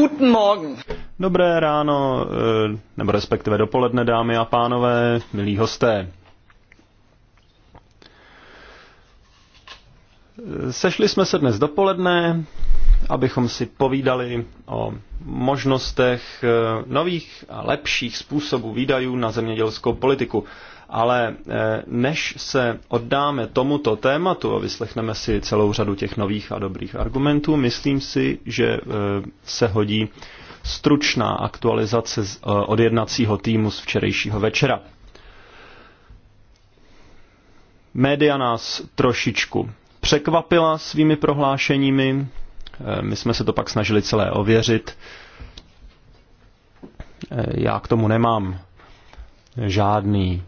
Guten Morgen. Dobré ráno, eh, nebo respektive dopoledne, dámy a pánové, milí hosté. Sešli jsme se dnes dopoledne, abychom si povídali o možnostech eh, nových a lepších způsobů výdajů na zemědělskou politiku. Ale eh, než se oddáme tomuto tématu a vyslechneme si celou řadu těch nových a dobrých argumentů, myslím si, že eh, se hodí stručná aktualizace eh, od jednacího týmu z včerejšího večera. Média nás trošičku překvapila svými prohlášeními, my jsme se to pak snažili celé ověřit. Já k tomu nemám žádný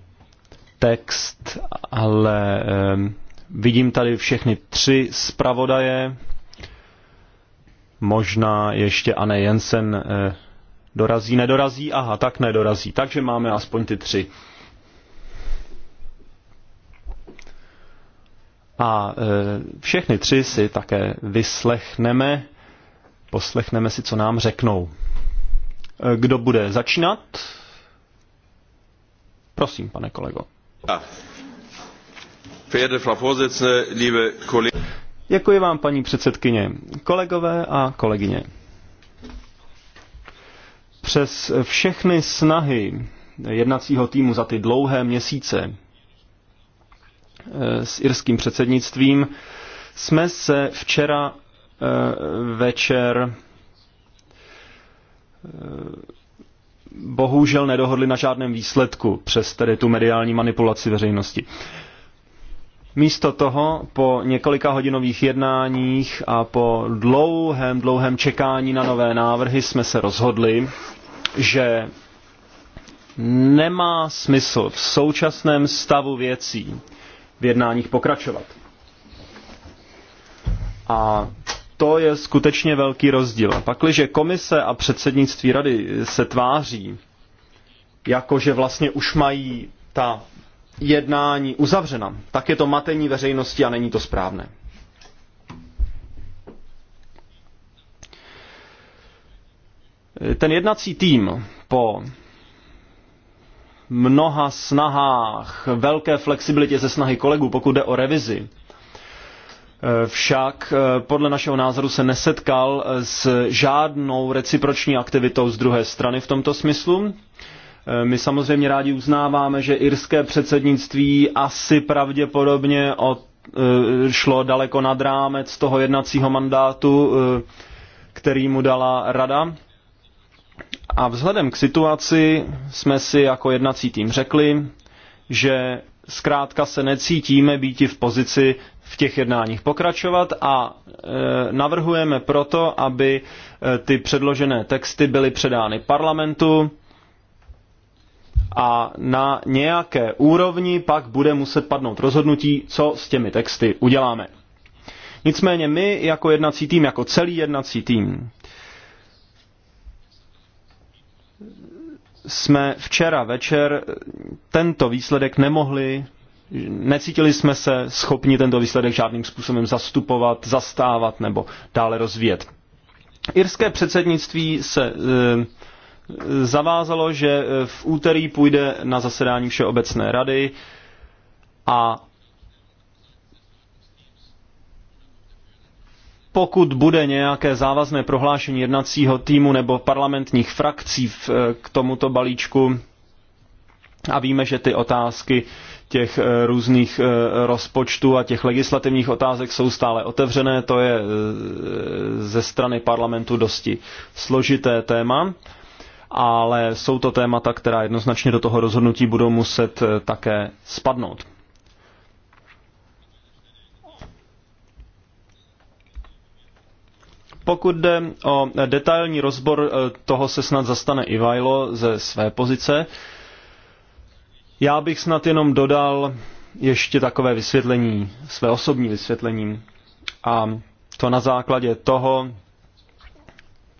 text, ale eh, vidím tady všechny tři zpravodaje. Možná ještě Anne Jensen eh, dorazí, nedorazí, aha, tak nedorazí. Takže máme aspoň ty tři. A eh, všechny tři si také vyslechneme, poslechneme si, co nám řeknou. Kdo bude začínat? Prosím, pane kolego. Děkuji vám, paní předsedkyně, kolegové a kolegyně. Přes všechny snahy jednacího týmu za ty dlouhé měsíce eh, s irským předsednictvím jsme se včera eh, večer eh, bohužel nedohodli na žádném výsledku přes tedy tu mediální manipulaci veřejnosti. Místo toho po několika hodinových jednáních a po dlouhém, dlouhém čekání na nové návrhy jsme se rozhodli, že nemá smysl v současném stavu věcí v jednáních pokračovat. A to je skutečně velký rozdíl. Pakliže komise a předsednictví rady se tváří, jakože vlastně už mají ta jednání uzavřena, tak je to matení veřejnosti a není to správné. Ten jednací tým po mnoha snahách, velké flexibilitě ze snahy kolegů, pokud jde o revizi, Eh, však eh, podle našeho názoru se nesetkal eh, s žádnou reciproční aktivitou z druhé strany v tomto smyslu. My samozřejmě rádi uznáváme, že irské předsednictví asi pravděpodobně od, šlo daleko nad rámec toho jednacího mandátu, který mu dala rada. A vzhledem k situaci jsme si jako jednací tým řekli, že zkrátka se necítíme býti v pozici v těch jednáních pokračovat a e, navrhujeme proto, aby e, ty předložené texty byly předány parlamentu a na nějaké úrovni pak bude muset padnout rozhodnutí, co s těmi texty uděláme. Nicméně my jako jednací tým, jako celý jednací tým, jsme včera večer tento výsledek nemohli necítili jsme se schopni tento výsledek žádným způsobem zastupovat, zastávat nebo dále rozvíjet. Irské předsednictví se eh, zavázalo, že eh, v úterý půjde na zasedání Všeobecné rady a pokud bude nějaké závazné prohlášení jednacího týmu nebo parlamentních frakcí eh, k tomuto balíčku, a víme, že ty otázky těch eh, různých eh, rozpočtů a těch legislativních otázek jsou stále otevřené. To je eh, ze strany parlamentu dosti složité téma, ale jsou to témata, která jednoznačně do toho rozhodnutí budou muset také spadnout. Pokud jde o detailní rozbor, toho se snad zastane Ivajlo ze své pozice. Já bych snad jenom dodal ještě takové vysvětlení, své osobní vysvětlení. A to na základě toho,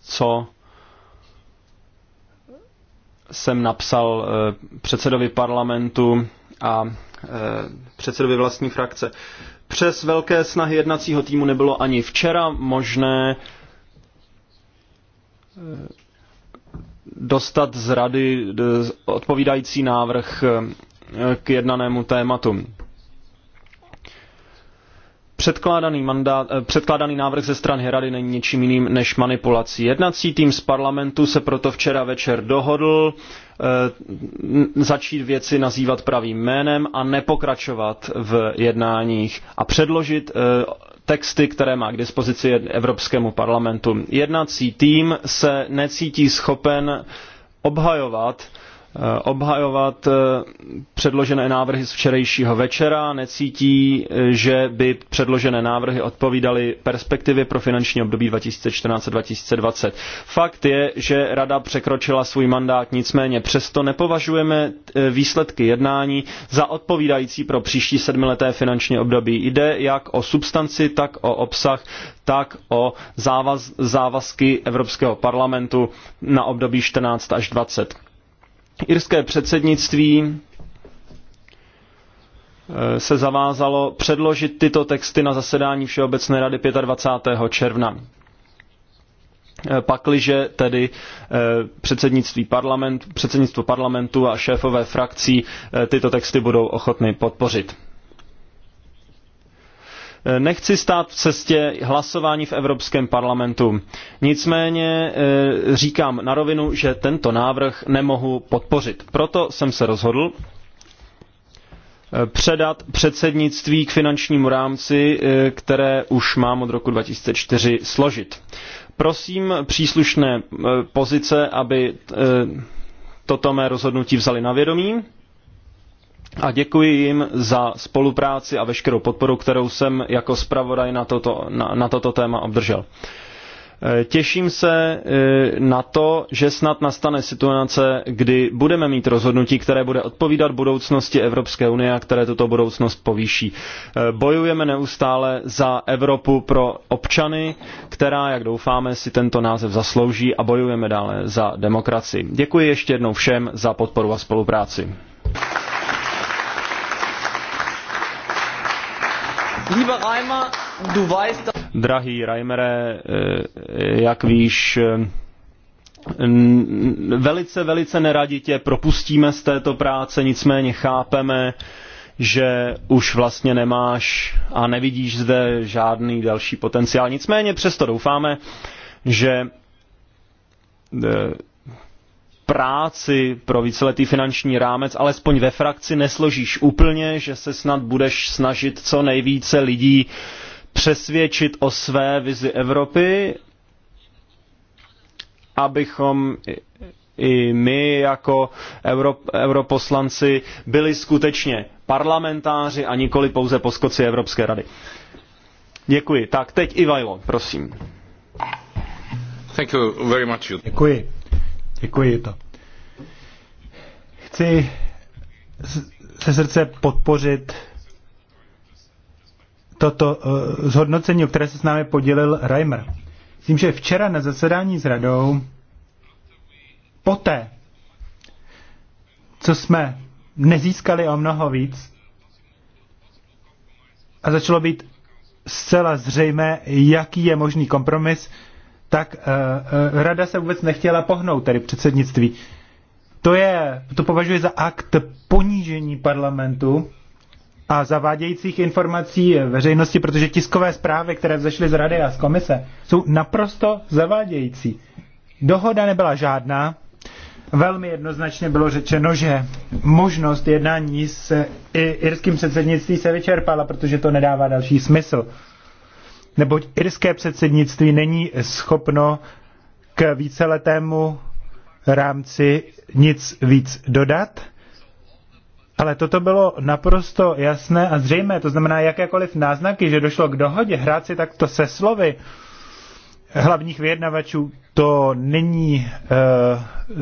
co jsem napsal eh, předsedovi parlamentu a eh, předsedovi vlastní frakce. Přes velké snahy jednacího týmu nebylo ani včera možné eh, dostat z rady odpovídající návrh eh, k jednanému tématu. Předkládaný, mandát, eh, předkládaný návrh ze strany rady není ničím jiným než manipulací. Jednací tým z parlamentu se proto včera večer dohodl Eh, začít věci nazývat pravým jménem a nepokračovat v jednáních a předložit eh, texty, které má k dispozici Evropskému parlamentu. Jednací tým se necítí schopen obhajovat Eh, obhajovat eh, předložené návrhy z včerejšího večera, necítí, eh, že by předložené návrhy odpovídaly perspektivě pro finanční období 2014-2020. Fakt je, že Rada překročila svůj mandát, nicméně přesto nepovažujeme výsledky jednání za odpovídající pro příští sedmileté finanční období. Jde jak o substanci, tak o obsah, tak o závaz, závazky Evropského parlamentu na období 14 až 20. Irské předsednictví eh, se zavázalo předložit tyto texty na zasedání Všeobecné rady 25. června. Eh, pakliže tedy eh, předsednictví parlament, předsednictvo parlamentu a šéfové frakcí tyto texty budou ochotny podpořit. Eh, nechci stát v cestě hlasování v Evropském parlamentu. Nicméně eh, říkám na rovinu, že tento návrh nemohu podpořit. Proto jsem se rozhodl eh, předat předsednictví k finančnímu rámci, které už mám od roku 2004 složit. Prosím příslušné pozice, aby toto mé rozhodnutí vzali na vědomí a děkuji jim za spolupráci a veškerou podporu, kterou jsem jako zpravodaj na toto, na, na toto téma obdržel. E, těším se e, na to, že snad nastane situace, kdy budeme mít rozhodnutí, které bude odpovídat budoucnosti Evropské unie a které tuto budoucnost povýší. E, bojujeme neustále za Evropu pro občany, která, jak doufáme, si tento název zaslouží a bojujeme dále za demokracii. Děkuji ještě jednou všem za podporu a spolupráci. Drahý Reimere, eh, jak víš, eh, velice, velice neraditě propustíme z této práce, nicméně chápeme, že už vlastně nemáš a nevidíš zde žádný další potenciál. Nicméně přesto doufáme, že eh, práci pro víceletý finanční rámec, alespoň ve frakci nesložíš úplně, že se snad budeš snažit co nejvíce lidí přesvědčit o své vizi Evropy, abychom i my jako euro, europoslanci byli skutečně parlamentáři a nikoli pouze poskoci Evropské rady. Děkuji. Tak teď Ivajlo, prosím. Thank you very much. Děkuji. Děkuji to. Chci se srdce podpořit toto uh, zhodnocení, o které se s námi podělil Reimer. Myslím, že včera na zasedání s radou, poté, co jsme nezískali o mnoho víc a začalo být zcela zřejmé, jaký je možný kompromis, tak eh, eh, rada se vůbec nechtěla pohnout, tedy předsednictví. To je, to považuji za akt ponížení parlamentu a zavádějících informací veřejnosti, protože tiskové zprávy, které vzešly z rady a z komise, jsou naprosto zavádějící. Dohoda nebyla žádná. Velmi jednoznačně bylo řečeno, že možnost jednání s irským předsednictví se vyčerpala, protože to nedává další smysl neboť irské předsednictví není schopno k víceletému rámci nic víc dodat. Ale toto bylo naprosto jasné a zřejmé, to znamená jakékoliv náznaky, že došlo k dohodě, hrát si takto se slovy hlavních vyjednavačů, to není e,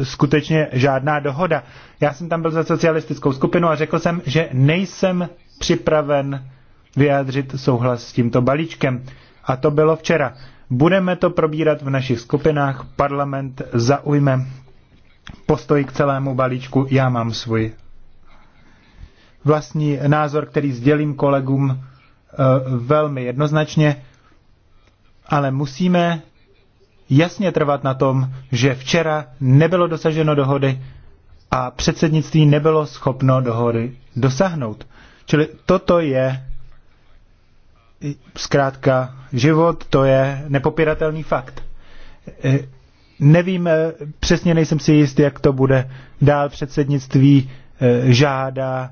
skutečně žádná dohoda. Já jsem tam byl za socialistickou skupinu a řekl jsem, že nejsem připraven vyjádřit souhlas s tímto balíčkem. A to bylo včera. Budeme to probírat v našich skupinách. Parlament zaujme postoj k celému balíčku. Já mám svůj vlastní názor, který sdělím kolegům eh, velmi jednoznačně, ale musíme jasně trvat na tom, že včera nebylo dosaženo dohody a předsednictví nebylo schopno dohody dosáhnout. Čili toto je zkrátka život, to je nepopiratelný fakt. E, nevím, e, přesně nejsem si jist, jak to bude dál předsednictví e, žádá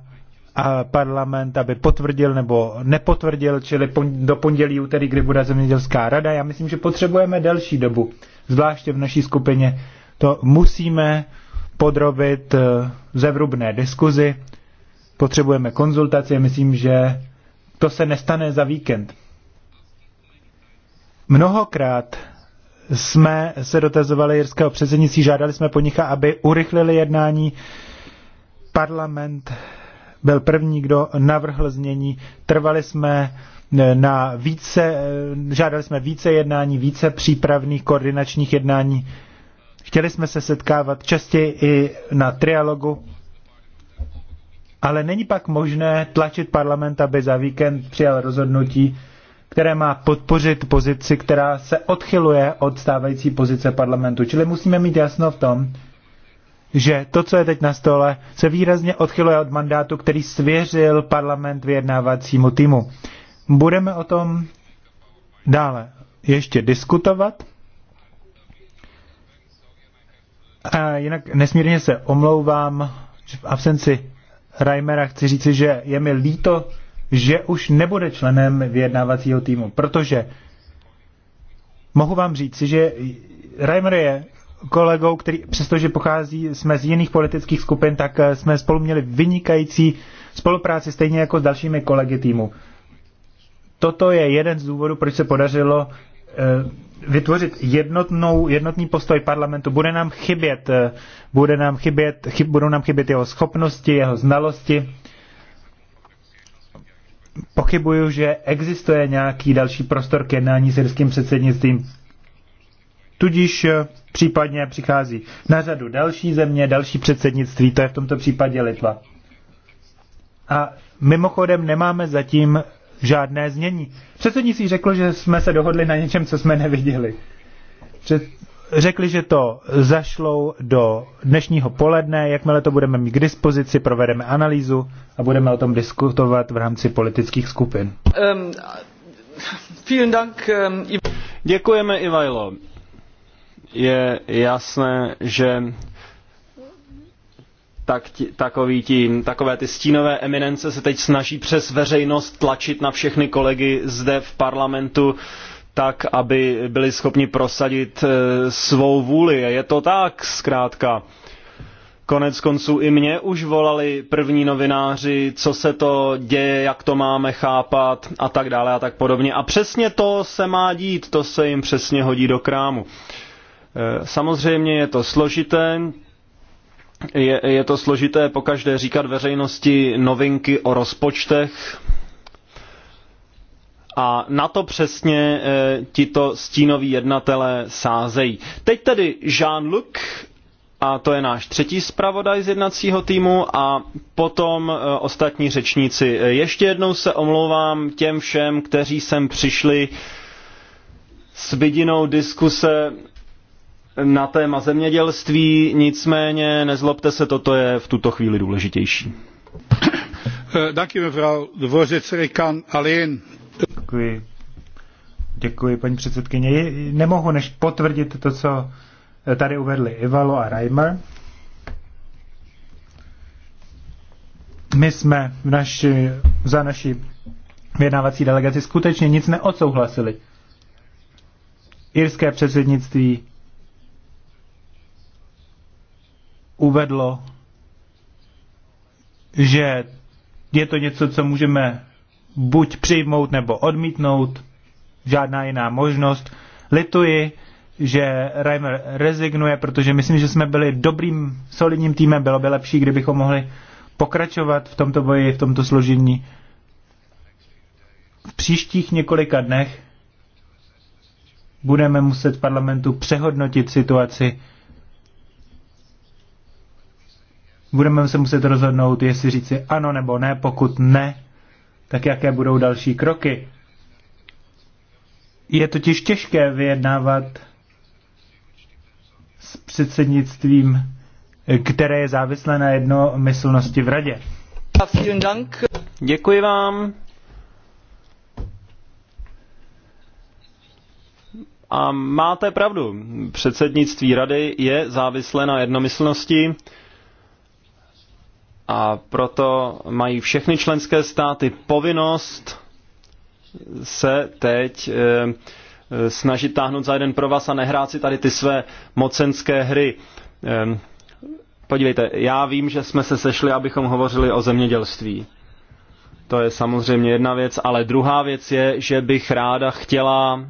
a parlament, aby potvrdil nebo nepotvrdil, čili do pondělí, úterý, kdy bude zemědělská rada. Já myslím, že potřebujeme delší dobu, zvláště v naší skupině. To musíme podrobit zevrubné diskuzi, potřebujeme konzultaci. Myslím, že to se nestane za víkend. Mnohokrát jsme se dotazovali jirského předsednictví, žádali jsme po nich, aby urychlili jednání. Parlament byl první, kdo navrhl změní. Trvali jsme eh, na více, eh, žádali jsme více jednání, více přípravných koordinačních jednání. Chtěli jsme se setkávat častěji i na trialogu ale není pak možné tlačit parlament, aby za víkend přijal rozhodnutí, které má podpořit pozici, která se odchyluje od stávající pozice parlamentu. Čili musíme mít jasno v tom, že to, co je teď na stole, se výrazně odchyluje od mandátu, který svěřil parlament vyjednávacímu týmu. Budeme o tom dále ještě diskutovat. A jinak nesmírně se omlouvám v absenci Reimera chci říci, že je mi líto, že už nebude členem vyjednávacího týmu, protože mohu vám říci, že Reimer je kolegou, který, přestože pochází, jsme z jiných politických skupin, tak eh, jsme spolu měli vynikající spolupráci, stejně jako s dalšími kolegy týmu. Toto je jeden z důvodů, proč se podařilo eh, vytvořit jednotnou, jednotný postoj parlamentu. Bude nám chybět, eh, bude nám chybět, chyb, budou nám chybět jeho schopnosti, jeho znalosti. Pochybuju, že existuje nějaký další prostor k jednání s irským předsednictvím. Tudíž eh, případně přichází na řadu další země, další předsednictví, to je v tomto případě Litva. A mimochodem nemáme zatím žádné změní. Předsednictví řekl, že jsme se dohodli na něčem, co jsme neviděli. Před, řekli, že to zašlou do dnešního poledne, jakmile to budeme mít k dispozici, provedeme analýzu a budeme o tom diskutovat v rámci politických skupin. Um, Dank, um, Děkujeme, Ivajlo. Je jasné, že tak takový ti, takové ty stínové eminence se teď snaží přes veřejnost tlačit na všechny kolegy zde v parlamentu, tak, aby byli schopni prosadit e, svou vůli. Je to tak, zkrátka. Konec konců i mě už volali první novináři, co se to děje, jak to máme chápat a tak dále a tak podobně. A přesně to se má dít, to se jim přesně hodí do krámu. E, samozřejmě je to složité, je, je to složité pokaždé říkat veřejnosti novinky o rozpočtech. A na to přesně e, tito stínoví jednatelé sázejí. Teď tedy Jean-Luc, a to je náš třetí zpravodaj z jednacího týmu, a potom e, ostatní řečníci. E, ještě jednou se omlouvám těm všem, kteří sem přišli s vidinou diskuse na téma zemědělství, nicméně nezlobte se, toto je v tuto chvíli důležitější. Eh, Děkuji. Děkuji, paní předsedkyně. Nemohu než potvrdit to, co eh, tady uvedli Ivalo a Reimer. My jsme v naši, za naší vyjednávací delegaci skutečně nic neodsouhlasili. Irské předsednictví uvedlo, že je to něco, co můžeme buď přijmout nebo odmítnout, žádná jiná možnost. Lituji, že Reimer rezignuje, protože myslím, že jsme byli dobrým, solidním týmem. Bylo by lepší, kdybychom mohli pokračovat v tomto boji, v tomto složení. V příštích několika dnech budeme muset v parlamentu přehodnotit situaci budeme se muset rozhodnout, jestli říci ano nebo ne, pokud ne, tak jaké budou další kroky. Je totiž těžké vyjednávat s předsednictvím, které je závislé na jednomyslnosti v radě. Děkuji vám. A máte pravdu, předsednictví rady je závislé na jednomyslnosti a proto mají všechny členské státy povinnost se teď eh, eh, snažit táhnout za jeden pro vás a nehrát si tady ty své mocenské hry. Ehm, podívejte, já vím, že jsme se sešli, abychom hovořili o zemědělství. To je samozřejmě jedna věc, ale druhá věc je, že bych ráda chtěla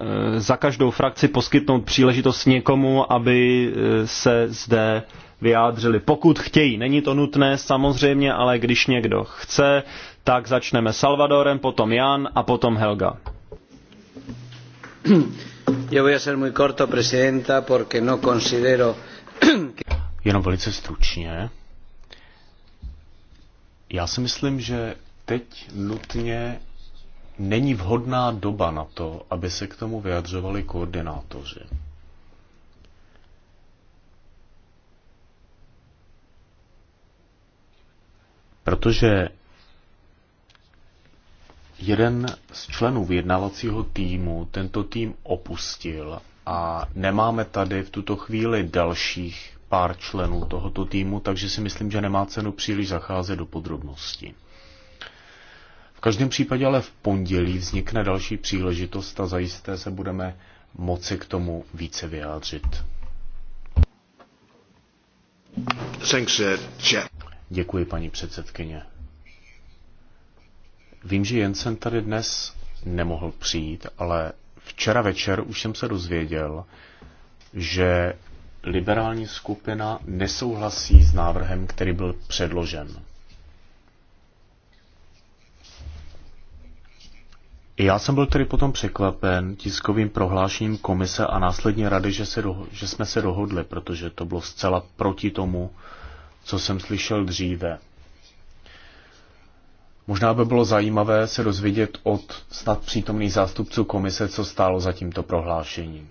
eh, za každou frakci poskytnout příležitost někomu, aby se zde vyjádřili, pokud chtějí. Není to nutné samozřejmě, ale když někdo chce, tak začneme Salvadorem, potom Jan a potom Helga. Yo voy a ser muy corto, presidenta, porque no considero... Jenom velice stručně. Já si myslím, že teď nutně není vhodná doba na to, aby se k tomu vyjadřovali koordinátoři. Protože jeden z členů vyjednávacího týmu tento tým opustil a nemáme tady v tuto chvíli dalších pár členů tohoto týmu, takže si myslím, že nemá cenu příliš zacházet do podrobností. V každém případě ale v pondělí vznikne další příležitost a zajisté se budeme moci k tomu více vyjádřit. Thanks, uh, Děkuji, paní předsedkyně. Vím, že Jensen tady dnes nemohl přijít, ale včera večer už jsem se dozvěděl, že liberální skupina nesouhlasí s návrhem, který byl předložen. Já jsem byl tedy potom překvapen tiskovým prohlášením komise a následně rady, že, se že jsme se dohodli, protože to bylo zcela proti tomu, co jsem slyšel dříve. Možná by bylo zajímavé se dozvědět od snad přítomných zástupců komise, co stálo za tímto prohlášením.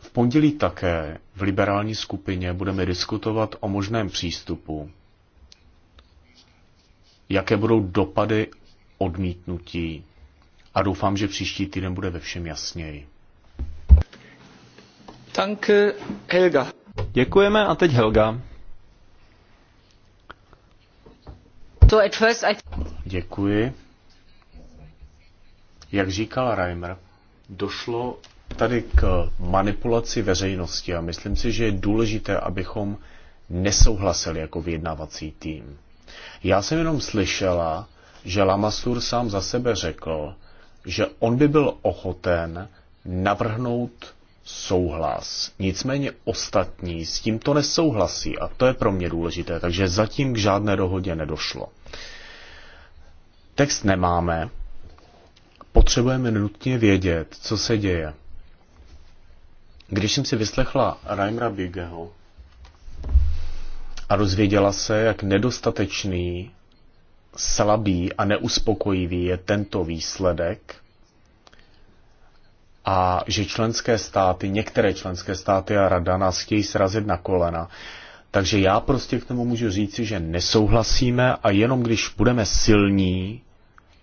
V pondělí také v liberální skupině budeme diskutovat o možném přístupu, jaké budou dopady odmítnutí a doufám, že příští týden bude ve všem jasněji. Tanke Helga. Děkujeme a teď Helga. Děkuji. Jak říkal Reimer, došlo tady k manipulaci veřejnosti a myslím si, že je důležité, abychom nesouhlasili jako vyjednávací tým. Já jsem jenom slyšela, že Lamasur sám za sebe řekl, že on by byl ochoten navrhnout souhlas. Nicméně ostatní s tímto nesouhlasí a to je pro mě důležité, takže zatím k žádné dohodě nedošlo text nemáme, potřebujeme nutně vědět, co se děje. Když jsem si vyslechla Reimera Bigeho a rozvěděla se, jak nedostatečný, slabý a neuspokojivý je tento výsledek, a že členské státy, některé členské státy a rada nás chtějí srazit na kolena, takže já prostě k tomu můžu říci, že nesouhlasíme a jenom když budeme silní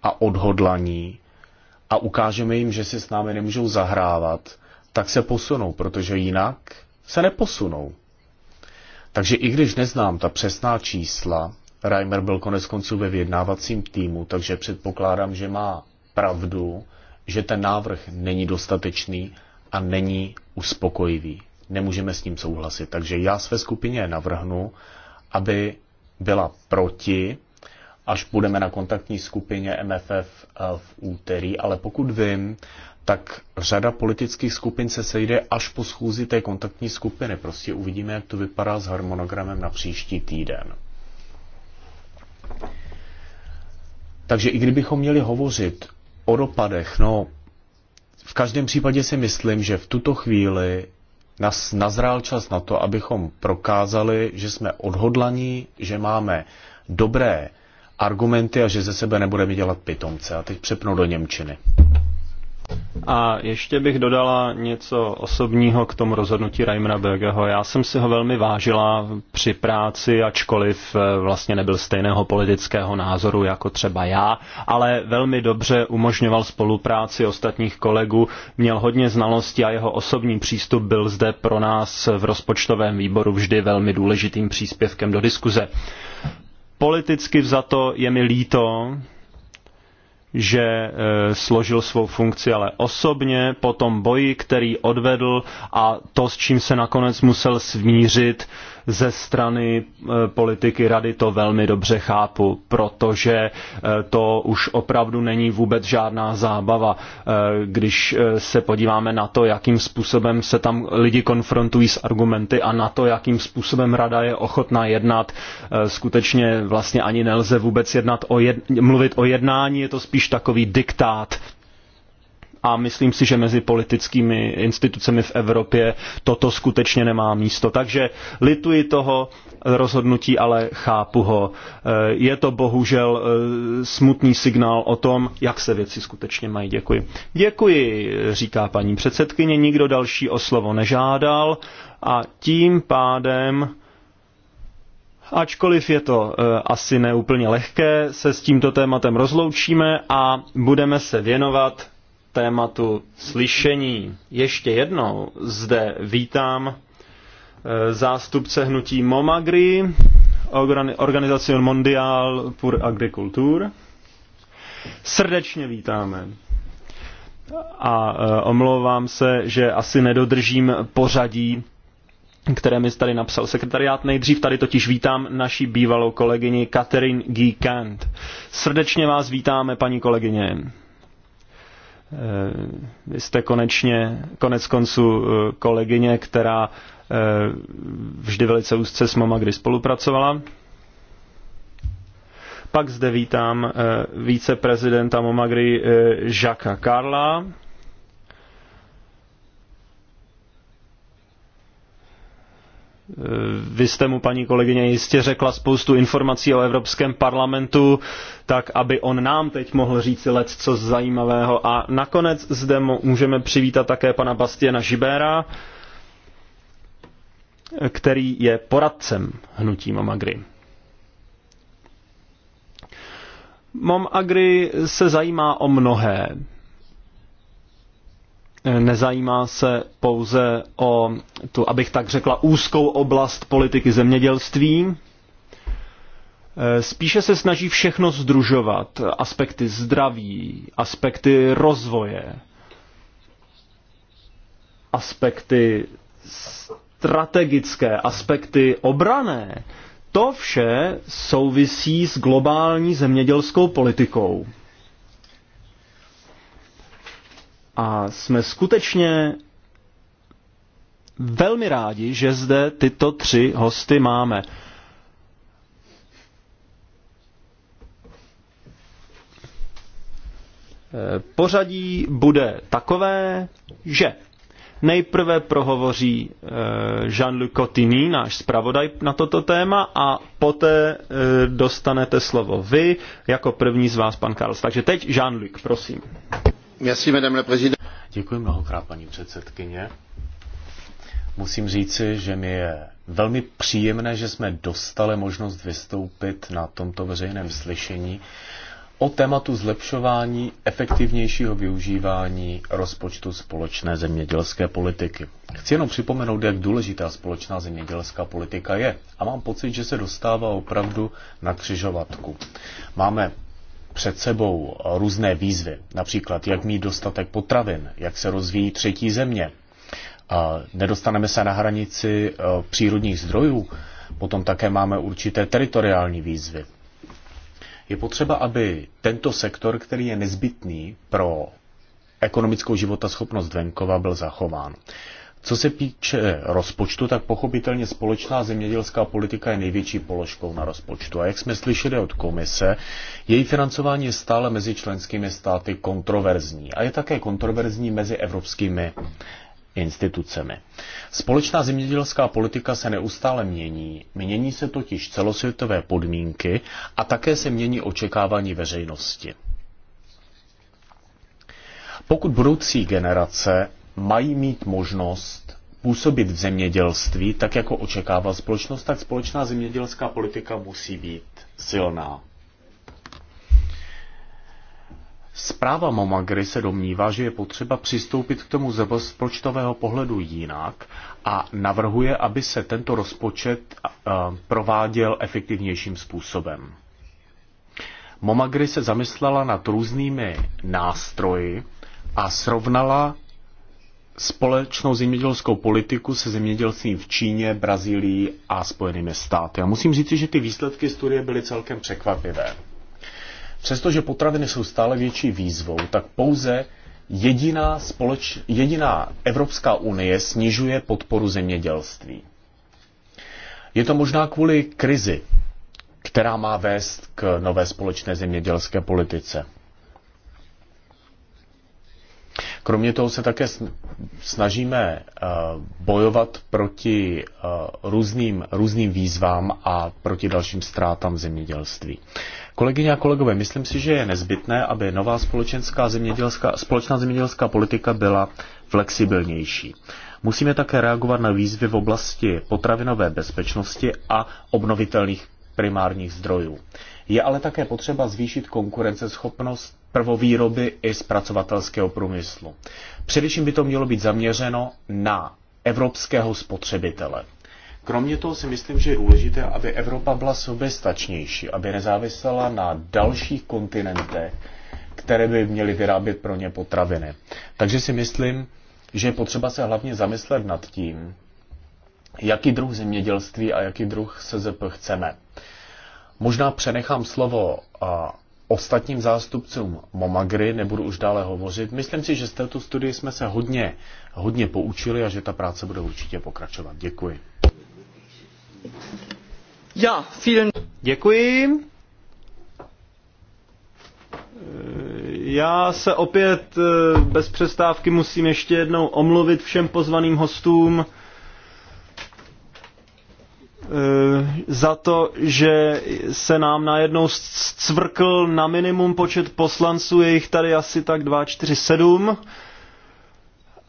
a odhodlaní a ukážeme jim, že si s námi nemůžou zahrávat, tak se posunou, protože jinak se neposunou. Takže i když neznám ta přesná čísla, Reimer byl konec konců ve vyjednávacím týmu, takže předpokládám, že má pravdu, že ten návrh není dostatečný a není uspokojivý nemůžeme s ním souhlasit. Takže já své skupině navrhnu, aby byla proti, až budeme na kontaktní skupině MFF eh, v úterý, ale pokud vím, tak řada politických skupin se sejde až po schůzi té kontaktní skupiny. Prostě uvidíme, jak to vypadá s harmonogramem na příští týden. Takže i kdybychom měli hovořit o dopadech, no v každém případě si myslím, že v tuto chvíli Nas, nazrál čas na to, abychom prokázali, že jsme odhodlaní, že máme dobré argumenty a že ze sebe nebudeme dělat pitomce. A teď přepnu do Němčiny. A ještě bych dodala něco osobního k tomu rozhodnutí Reimera Bergeho. Já jsem si ho velmi vážila při práci, ačkoliv eh, vlastně nebyl stejného politického názoru jako třeba já, ale velmi dobře umožňoval spolupráci ostatních kolegů, měl hodně znalostí a jeho osobní přístup byl zde pro nás v rozpočtovém výboru vždy velmi důležitým příspěvkem do diskuze. Politicky vzato je mi líto, že e, složil svou funkci, ale osobně po tom boji, který odvedl a to, s čím se nakonec musel smířit, ze strany e, politiky rady to velmi dobře chápu, protože e, to už opravdu není vůbec žádná zábava, e, když se podíváme na to, jakým způsobem se tam lidi konfrontují s argumenty a na to, jakým způsobem rada je ochotná jednat. Skutečně vlastně ani nelze vůbec jednat o jed... mluvit o jednání, je to spíš takový diktát a myslím si, že mezi politickými institucemi v Evropě toto skutečně nemá místo. Takže lituji toho rozhodnutí, ale chápu ho. Eh, je to bohužel eh, smutný signál o tom, jak se věci skutečně mají. Děkuji. Děkuji, říká paní předsedkyně, nikdo další o slovo nežádal a tím pádem Ačkoliv je to e, asi neúplně lehké, se s tímto tématem rozloučíme a budeme se věnovat tématu slyšení ještě jednou zde vítám eh, zástupce hnutí Momagri, Organizacion Mondial pour Agriculture. Srdečně vítáme. A eh, omlouvám se, že asi nedodržím pořadí, které mi tady napsal sekretariát. Nejdřív tady totiž vítám naší bývalou kolegyni Katerin G. Kent. Srdečně vás vítáme, paní kolegyně. Vy eh, jste konečně, konec konců eh, kolegyně, která eh, vždy velice úzce s mama kdy spolupracovala. Pak zde vítám viceprezidenta Momagry Žaka Karla. Vy jste mu, paní kolegyně, jistě řekla spoustu informací o Evropském parlamentu, tak aby on nám teď mohl říci let co zajímavého. A nakonec zde můžeme přivítat také pana Bastiana Žibéra, který je poradcem hnutí Momagry. Mom Agri se zajímá o mnohé nezajímá se pouze o tu, abych tak řekla, úzkou oblast politiky zemědělství. Eh, spíše se snaží všechno združovat, aspekty zdraví, aspekty rozvoje, aspekty strategické, aspekty obrané. To vše souvisí s globální zemědělskou politikou. A jsme skutečně velmi rádi, že zde tyto tři hosty máme. Eh, pořadí bude takové, že nejprve prohovoří eh, Jean-Luc Cotigny, náš zpravodaj na toto téma, a poté eh, dostanete slovo vy, jako první z vás, pan Karls. Takže teď Jean-Luc, prosím. Děkuji mnohokrát, paní předsedkyně. Musím říci, že mi je velmi příjemné, že jsme dostali možnost vystoupit na tomto veřejném slyšení o tématu zlepšování efektivnějšího využívání rozpočtu společné zemědělské politiky. Chci jenom připomenout, jak důležitá společná zemědělská politika je a mám pocit, že se dostává opravdu na křižovatku. Máme před sebou různé výzvy, například jak mít dostatek potravin, jak se rozvíjí třetí země, nedostaneme se na hranici e, přírodních zdrojů, potom také máme určité teritoriální výzvy. Je potřeba, aby tento sektor, který je nezbytný pro ekonomickou životaschopnost venkova, byl zachován. Co se týče rozpočtu, tak pochopitelně společná zemědělská politika je největší položkou na rozpočtu. A jak jsme slyšeli od komise, její financování je stále mezi členskými státy kontroverzní. A je také kontroverzní mezi evropskými institucemi. Společná zemědělská politika se neustále mění. Mění se totiž celosvětové podmínky a také se mění očekávání veřejnosti. Pokud budoucí generace mají mít možnost působit v zemědělství, tak jako očekává společnost, tak společná zemědělská politika musí být silná. Zpráva Momagry se domnívá, že je potřeba přistoupit k tomu z rozpočtového pohledu jinak a navrhuje, aby se tento rozpočet eh, prováděl efektivnějším způsobem. Momagry se zamyslela nad různými nástroji a srovnala společnou zemědělskou politiku se zemědělstvím v Číně, Brazílii a Spojenými státy. A musím říct, že ty výsledky studie byly celkem překvapivé. Přestože potraviny jsou stále větší výzvou, tak pouze jediná, společ, jediná Evropská unie snižuje podporu zemědělství. Je to možná kvůli krizi, která má vést k nové společné zemědělské politice. Kromě toho se také snažíme eh, bojovat proti eh, různým, různým výzvám a proti dalším ztrátám zemědělství. Kolegyně a kolegové, myslím si, že je nezbytné, aby nová společenská zemědělská, společná zemědělská politika byla flexibilnější. Musíme také reagovat na výzvy v oblasti potravinové bezpečnosti a obnovitelných primárních zdrojů. Je ale také potřeba zvýšit konkurenceschopnost prvovýroby i zpracovatelského průmyslu. Především by to mělo být zaměřeno na evropského spotřebitele. Kromě toho si myslím, že je důležité, aby Evropa byla soběstačnější, aby nezávisela na dalších kontinentech, které by měly vyrábět pro ně potraviny. Takže si myslím, že je potřeba se hlavně zamyslet nad tím, jaký druh zemědělství a jaký druh SZP chceme. Možná přenechám slovo a ostatním zástupcům Momagry, nebudu už dále hovořit. Myslím si, že z této studie jsme se hodně, hodně poučili a že ta práce bude určitě pokračovat. Děkuji. Ja, vielen... Děkuji. Já se opět e, bez přestávky musím ještě jednou omluvit všem pozvaným hostům. Eh, za to, že se nám najednou cvrkl na minimum počet poslanců, je jich tady asi tak 7,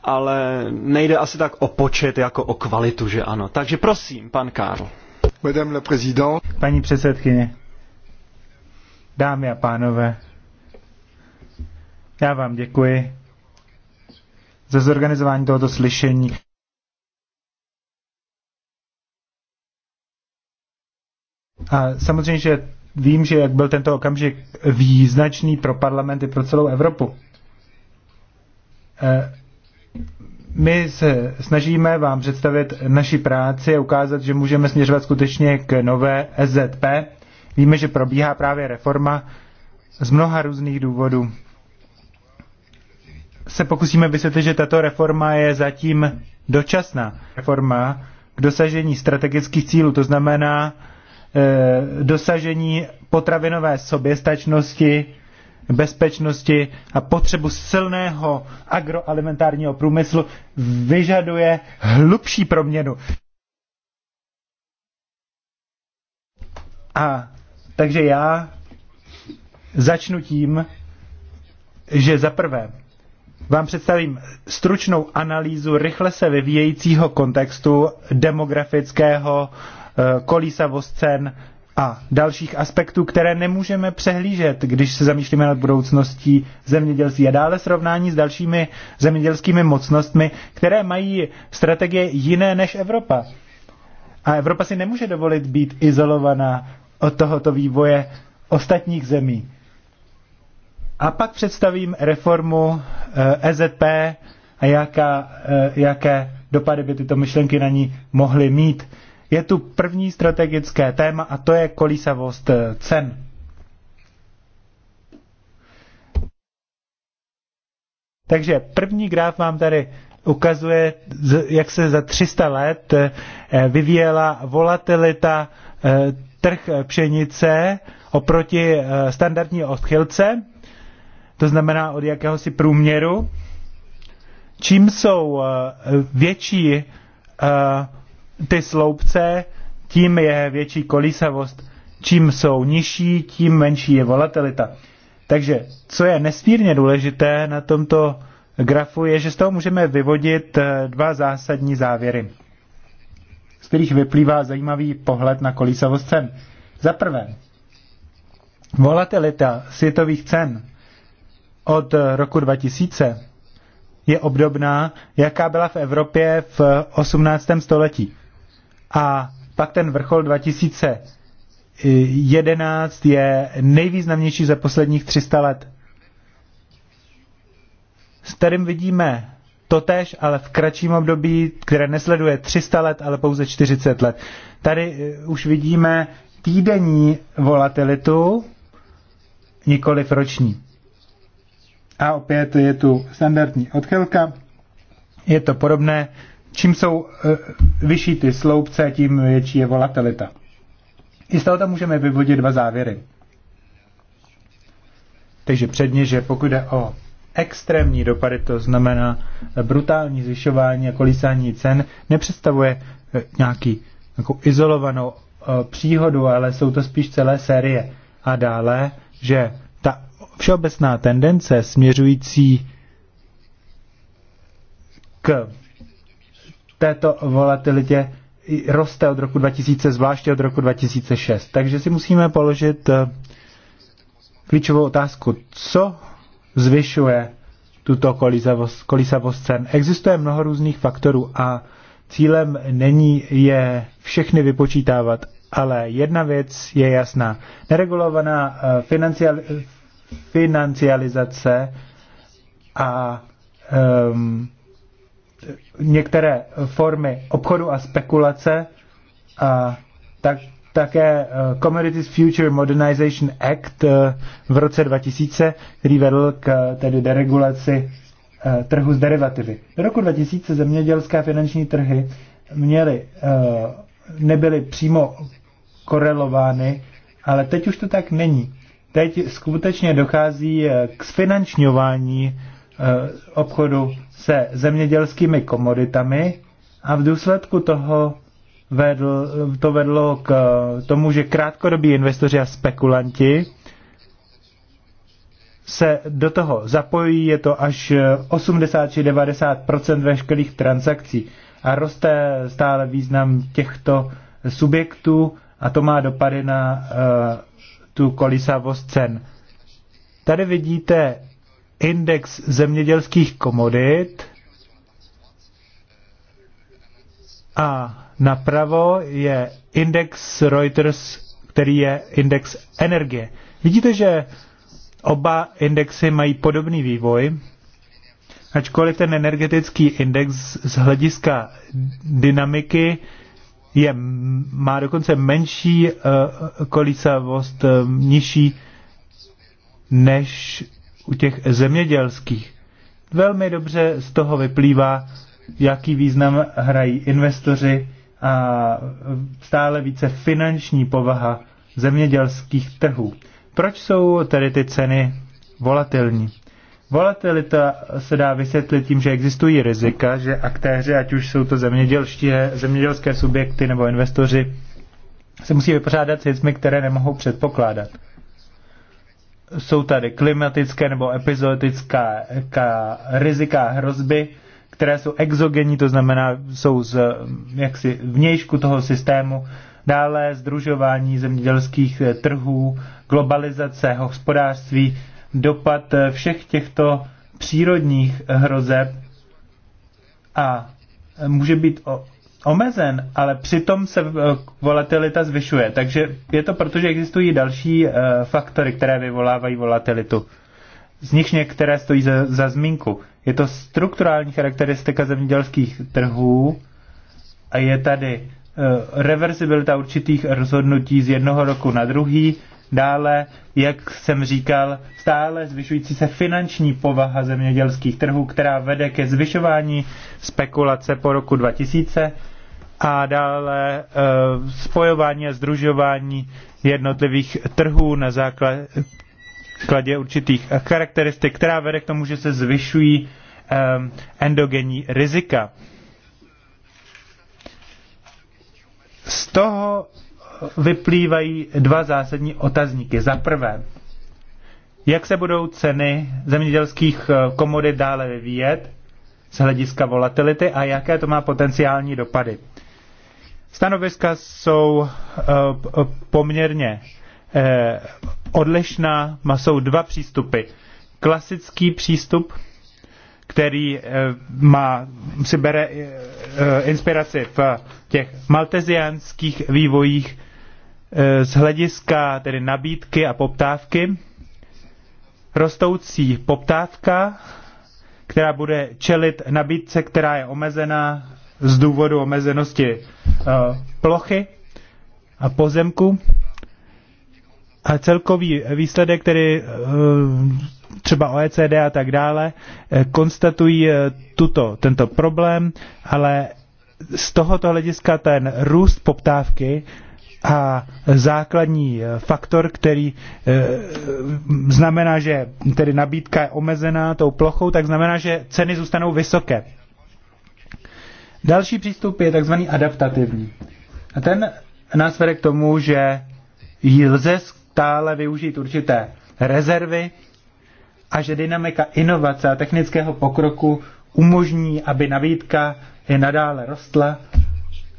ale nejde asi tak o počet jako o kvalitu, že ano. Takže prosím, pan Karl. Madame la présidente. Paní předsedkyně, dámy a pánové, já vám děkuji za zorganizování tohoto slyšení. A samozřejmě, že vím, že jak byl tento okamžik význačný pro parlamenty pro celou Evropu. Eh, my se snažíme vám představit naši práci a ukázat, že můžeme směřovat skutečně k nové SZP. Víme, že probíhá právě reforma z mnoha různých důvodů. Se pokusíme vysvětlit, že tato reforma je zatím dočasná reforma k dosažení strategických cílů, to znamená Eh, dosažení potravinové soběstačnosti, bezpečnosti a potřebu silného agroalimentárního průmyslu vyžaduje hlubší proměnu. A takže já začnu tím, že za prvé vám představím stručnou analýzu rychle se vyvíjejícího kontextu demografického Eh, kolísavost cen a dalších aspektů, které nemůžeme přehlížet, když se zamýšlíme nad budoucností zemědělství a dále srovnání s dalšími zemědělskými mocnostmi, které mají strategie jiné než Evropa. A Evropa si nemůže dovolit být izolovaná od tohoto vývoje ostatních zemí. A pak představím reformu EZP eh, e a jaká, eh, jaké dopady by tyto myšlenky na ní mohly mít je tu první strategické téma a to je kolísavost eh, cen. Takže první graf vám tady ukazuje, jak se za 300 let eh, vyvíjela volatilita eh, trh pšenice oproti standardní odchylce, to znamená od jakéhosi průměru. Čím jsou větší ty sloupce, tím je větší kolísavost. Čím jsou nižší, tím menší je volatilita. Takže co je nesmírně důležité na tomto grafu, je, že z toho můžeme vyvodit eh, dva zásadní závěry, z kterých vyplývá zajímavý pohled na kolísavost cen. Za prvé, volatilita světových cen od eh, roku 2000 je obdobná, jaká byla v Evropě v 18. století. A pak ten vrchol 2011 je nejvýznamnější za posledních 300 let. S kterým vidíme totéž, ale v kratším období, které nesleduje 300 let, ale pouze 40 let. Tady eh, už vidíme týdenní volatilitu, nikoli roční. A opět je tu standardní odchylka. Je to podobné čím jsou eh, vyšší ty sloupce, tím větší je volatilita. I z toho tam můžeme vyvodit dva závěry. Takže předně, že pokud jde o extrémní dopady, to znamená brutální zvyšování a kolísání cen, nepředstavuje eh, nějaký jako izolovanou eh, příhodu, ale jsou to spíš celé série. A dále, že ta všeobecná tendence směřující k této volatilitě roste od roku 2000, zvláště od roku 2006. Takže si musíme položit eh, klíčovou otázku, co zvyšuje tuto kolísavost, kolisavost cen. Existuje mnoho různých faktorů a cílem není je všechny vypočítávat, ale jedna věc je jasná. Neregulovaná eh, financial, eh, financializace a um, některé formy obchodu a spekulace a tak, také eh, Commodities Future Modernization Act eh, v roce 2000, který vedl k eh, tedy deregulaci trhu s derivativy. Do roku 2000 zemědělské a finanční trhy měly, nebyly přímo korelovány, ale teď už to tak není. Teď skutečně dochází k sfinančňování Eh, obchodu se zemědělskými komoditami a v důsledku toho vedl, to vedlo k tomu, že krátkodobí investoři a spekulanti se do toho zapojí, je to až 80 či 90 veškerých transakcí a roste stále význam těchto subjektů a to má dopady na uh, tu kolisavost cen. Tady vidíte index zemědělských komodit a napravo je index Reuters, který je index energie. Vidíte, že oba indexy mají podobný vývoj, ačkoliv ten energetický index z hlediska dynamiky je, má dokonce menší uh, kolísavost, uh, nižší než u těch zemědělských. Velmi dobře z toho vyplývá, jaký význam hrají investoři a stále více finanční povaha zemědělských trhů. Proč jsou tedy ty ceny volatilní? Volatilita se dá vysvětlit tím, že existují rizika, že aktéři, ať už jsou to zemědělské subjekty nebo investoři, se musí vypořádat s věcmi, které nemohou předpokládat jsou tady klimatické nebo epizodická rizika hrozby, které jsou exogenní, to znamená, jsou z jaksi vnějšku toho systému, dále združování zemědělských trhů, globalizace hospodářství, dopad všech těchto přírodních hrozeb a může být omezen, ale přitom se eh, volatilita zvyšuje. Takže je to proto, že existují další eh, faktory, které vyvolávají volatilitu. Z nich některé stojí za, za zmínku. Je to strukturální charakteristika zemědělských trhů a je tady eh, reverzibilita určitých rozhodnutí z jednoho roku na druhý, Dále, jak jsem říkal, stále zvyšující se finanční povaha zemědělských trhů, která vede ke zvyšování spekulace po roku 2000 a dále eh, spojování a združování jednotlivých trhů na základě určitých charakteristik, která vede k tomu, že se zvyšují eh, endogenní rizika. Z toho vyplývají dva zásadní otazníky. Za prvé, jak se budou ceny zemědělských eh, komodit dále vyvíjet z hlediska volatility a jaké to má potenciální dopady. Stanoviska jsou eh, poměrně eh, odlišná, jsou dva přístupy. Klasický přístup, který eh, má, si bere inspiraci v těch malteziánských vývojích z hlediska tedy nabídky a poptávky. Rostoucí poptávka, která bude čelit nabídce, která je omezená z důvodu omezenosti eh, plochy a pozemku. A celkový výsledek, který eh, třeba OECD a tak dále, eh, konstatují tuto, tento problém, ale z tohoto hlediska ten růst poptávky a základní faktor, který znamená, že tedy nabídka je omezená tou plochou, tak znamená, že ceny zůstanou vysoké. Další přístup je takzvaný adaptativní. A ten nás vede k tomu, že lze stále využít určité rezervy a že dynamika inovace a technického pokroku umožní, aby nabídka i nadále rostla,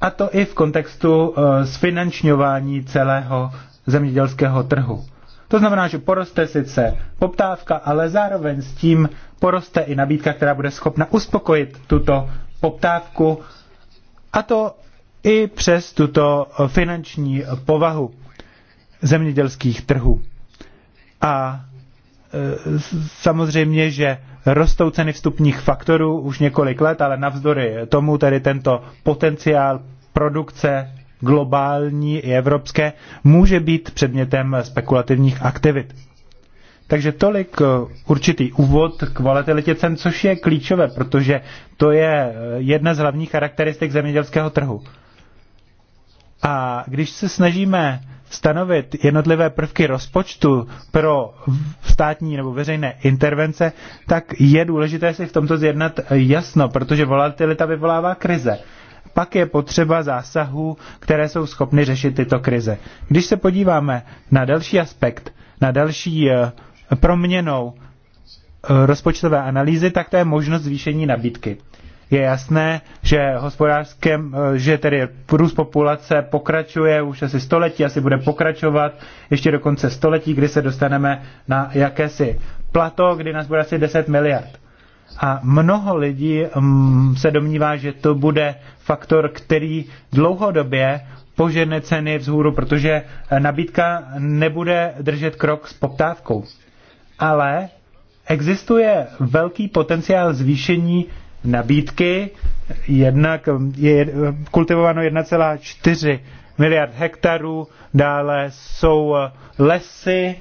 a to i v kontextu eh, sfinančňování celého zemědělského trhu. To znamená, že poroste sice poptávka, ale zároveň s tím poroste i nabídka, která bude schopna uspokojit tuto poptávku a to i přes tuto finanční povahu zemědělských trhů. A e, samozřejmě, že rostou ceny vstupních faktorů už několik let, ale navzdory tomu tedy tento potenciál produkce globální i evropské může být předmětem spekulativních aktivit. Takže tolik eh, určitý úvod k volatilitě cen, což je klíčové, protože to je eh, jedna z hlavních charakteristik zemědělského trhu. A když se snažíme stanovit jednotlivé prvky rozpočtu pro státní nebo veřejné intervence, tak je důležité si v tomto zjednat eh, jasno, protože volatilita vyvolává krize. Pak je potřeba zásahů, které jsou schopny řešit tyto krize. Když se podíváme na další aspekt, na další uh, proměnou eh, rozpočtové analýzy, tak to je možnost zvýšení nabídky. Je jasné, že hospodářském, eh, že tedy růst populace pokračuje už asi století, asi bude pokračovat ještě do konce století, kdy se dostaneme na jakési plato, kdy nás bude asi 10 miliard. A mnoho lidí mm, se domnívá, že to bude faktor, který dlouhodobě požene ceny vzhůru, protože eh, nabídka nebude držet krok s poptávkou ale existuje velký potenciál zvýšení nabídky, jednak je kultivováno 1,4 miliard hektarů, dále jsou lesy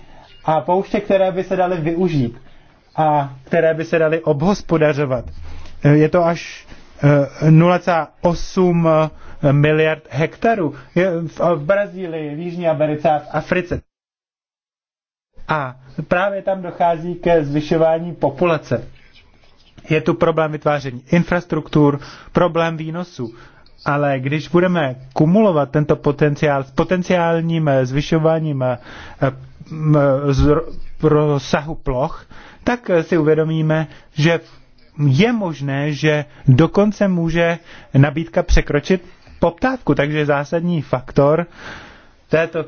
a pouště, které by se daly využít a které by se daly obhospodařovat. Je to až 0,8 eh, miliard hektarů v Brazílii, v Jižní Americe a v Africe. A právě tam dochází ke zvyšování populace. Je tu problém vytváření infrastruktur, problém výnosů. Ale když budeme kumulovat tento potenciál s potenciálním eh, zvyšováním eh, eh, rozsahu ploch, tak si uvědomíme, že je možné, že dokonce může nabídka překročit poptávku. Takže zásadní faktor této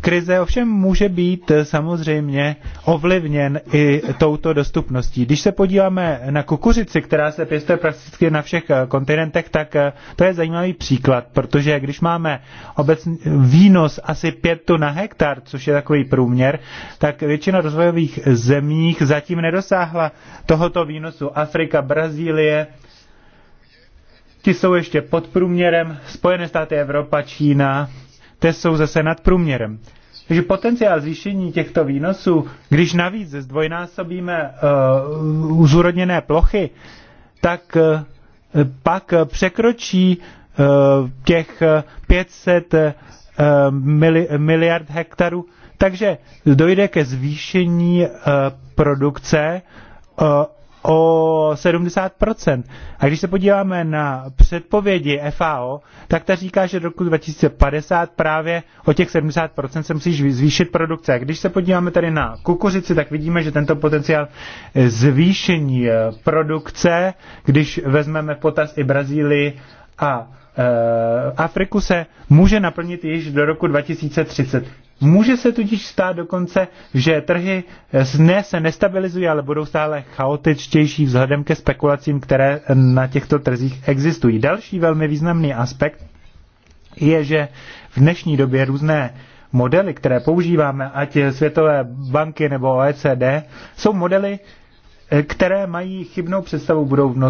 krize ovšem může být eh, samozřejmě ovlivněn i touto dostupností. Když se podíváme na kukuřici, která se pěstuje prakticky na všech eh, kontinentech, tak eh, to je zajímavý příklad, protože když máme obecný výnos asi 5 tun na hektar, což je takový průměr, tak většina rozvojových zemích zatím nedosáhla tohoto výnosu. Afrika, Brazílie, ti jsou ještě pod průměrem, Spojené státy Evropa, Čína, te jsou zase nad průměrem. Takže potenciál zvýšení těchto výnosů, když navíc zdvojnásobíme uh, eh, zúrodněné plochy, tak uh, pak překročí uh, těch 500 uh, mili, miliard hektarů. Takže dojde ke zvýšení uh, produkce uh, o 70%. A když se podíváme na předpovědi FAO, tak ta říká, že do roku 2050 právě o těch 70% se musí zvýšit produkce. A když se podíváme tady na kukuřici, tak vidíme, že tento potenciál zvýšení eh, produkce, když vezmeme potaz i Brazílii a eh, Afriku se může naplnit již do roku 2030. Může se tudíž stát dokonce, že trhy eh, ne se nestabilizují, ale budou stále chaotičtější vzhledem ke spekulacím, které eh, na těchto trzích existují. Další velmi významný aspekt je, že v dnešní době různé modely, které používáme, ať Světové banky nebo OECD, jsou modely, eh, které mají chybnou představu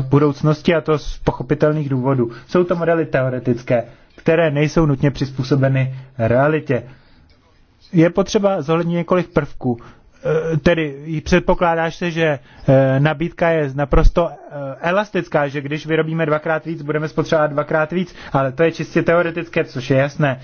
budoucnosti a to z pochopitelných důvodů. Jsou to modely teoretické, které nejsou nutně přizpůsobeny realitě je potřeba zohlednit několik prvků. E, tedy předpokládáš se, že e, nabídka je naprosto e, elastická, že když vyrobíme dvakrát víc, budeme spotřebovat dvakrát víc, ale to je čistě teoretické, což je jasné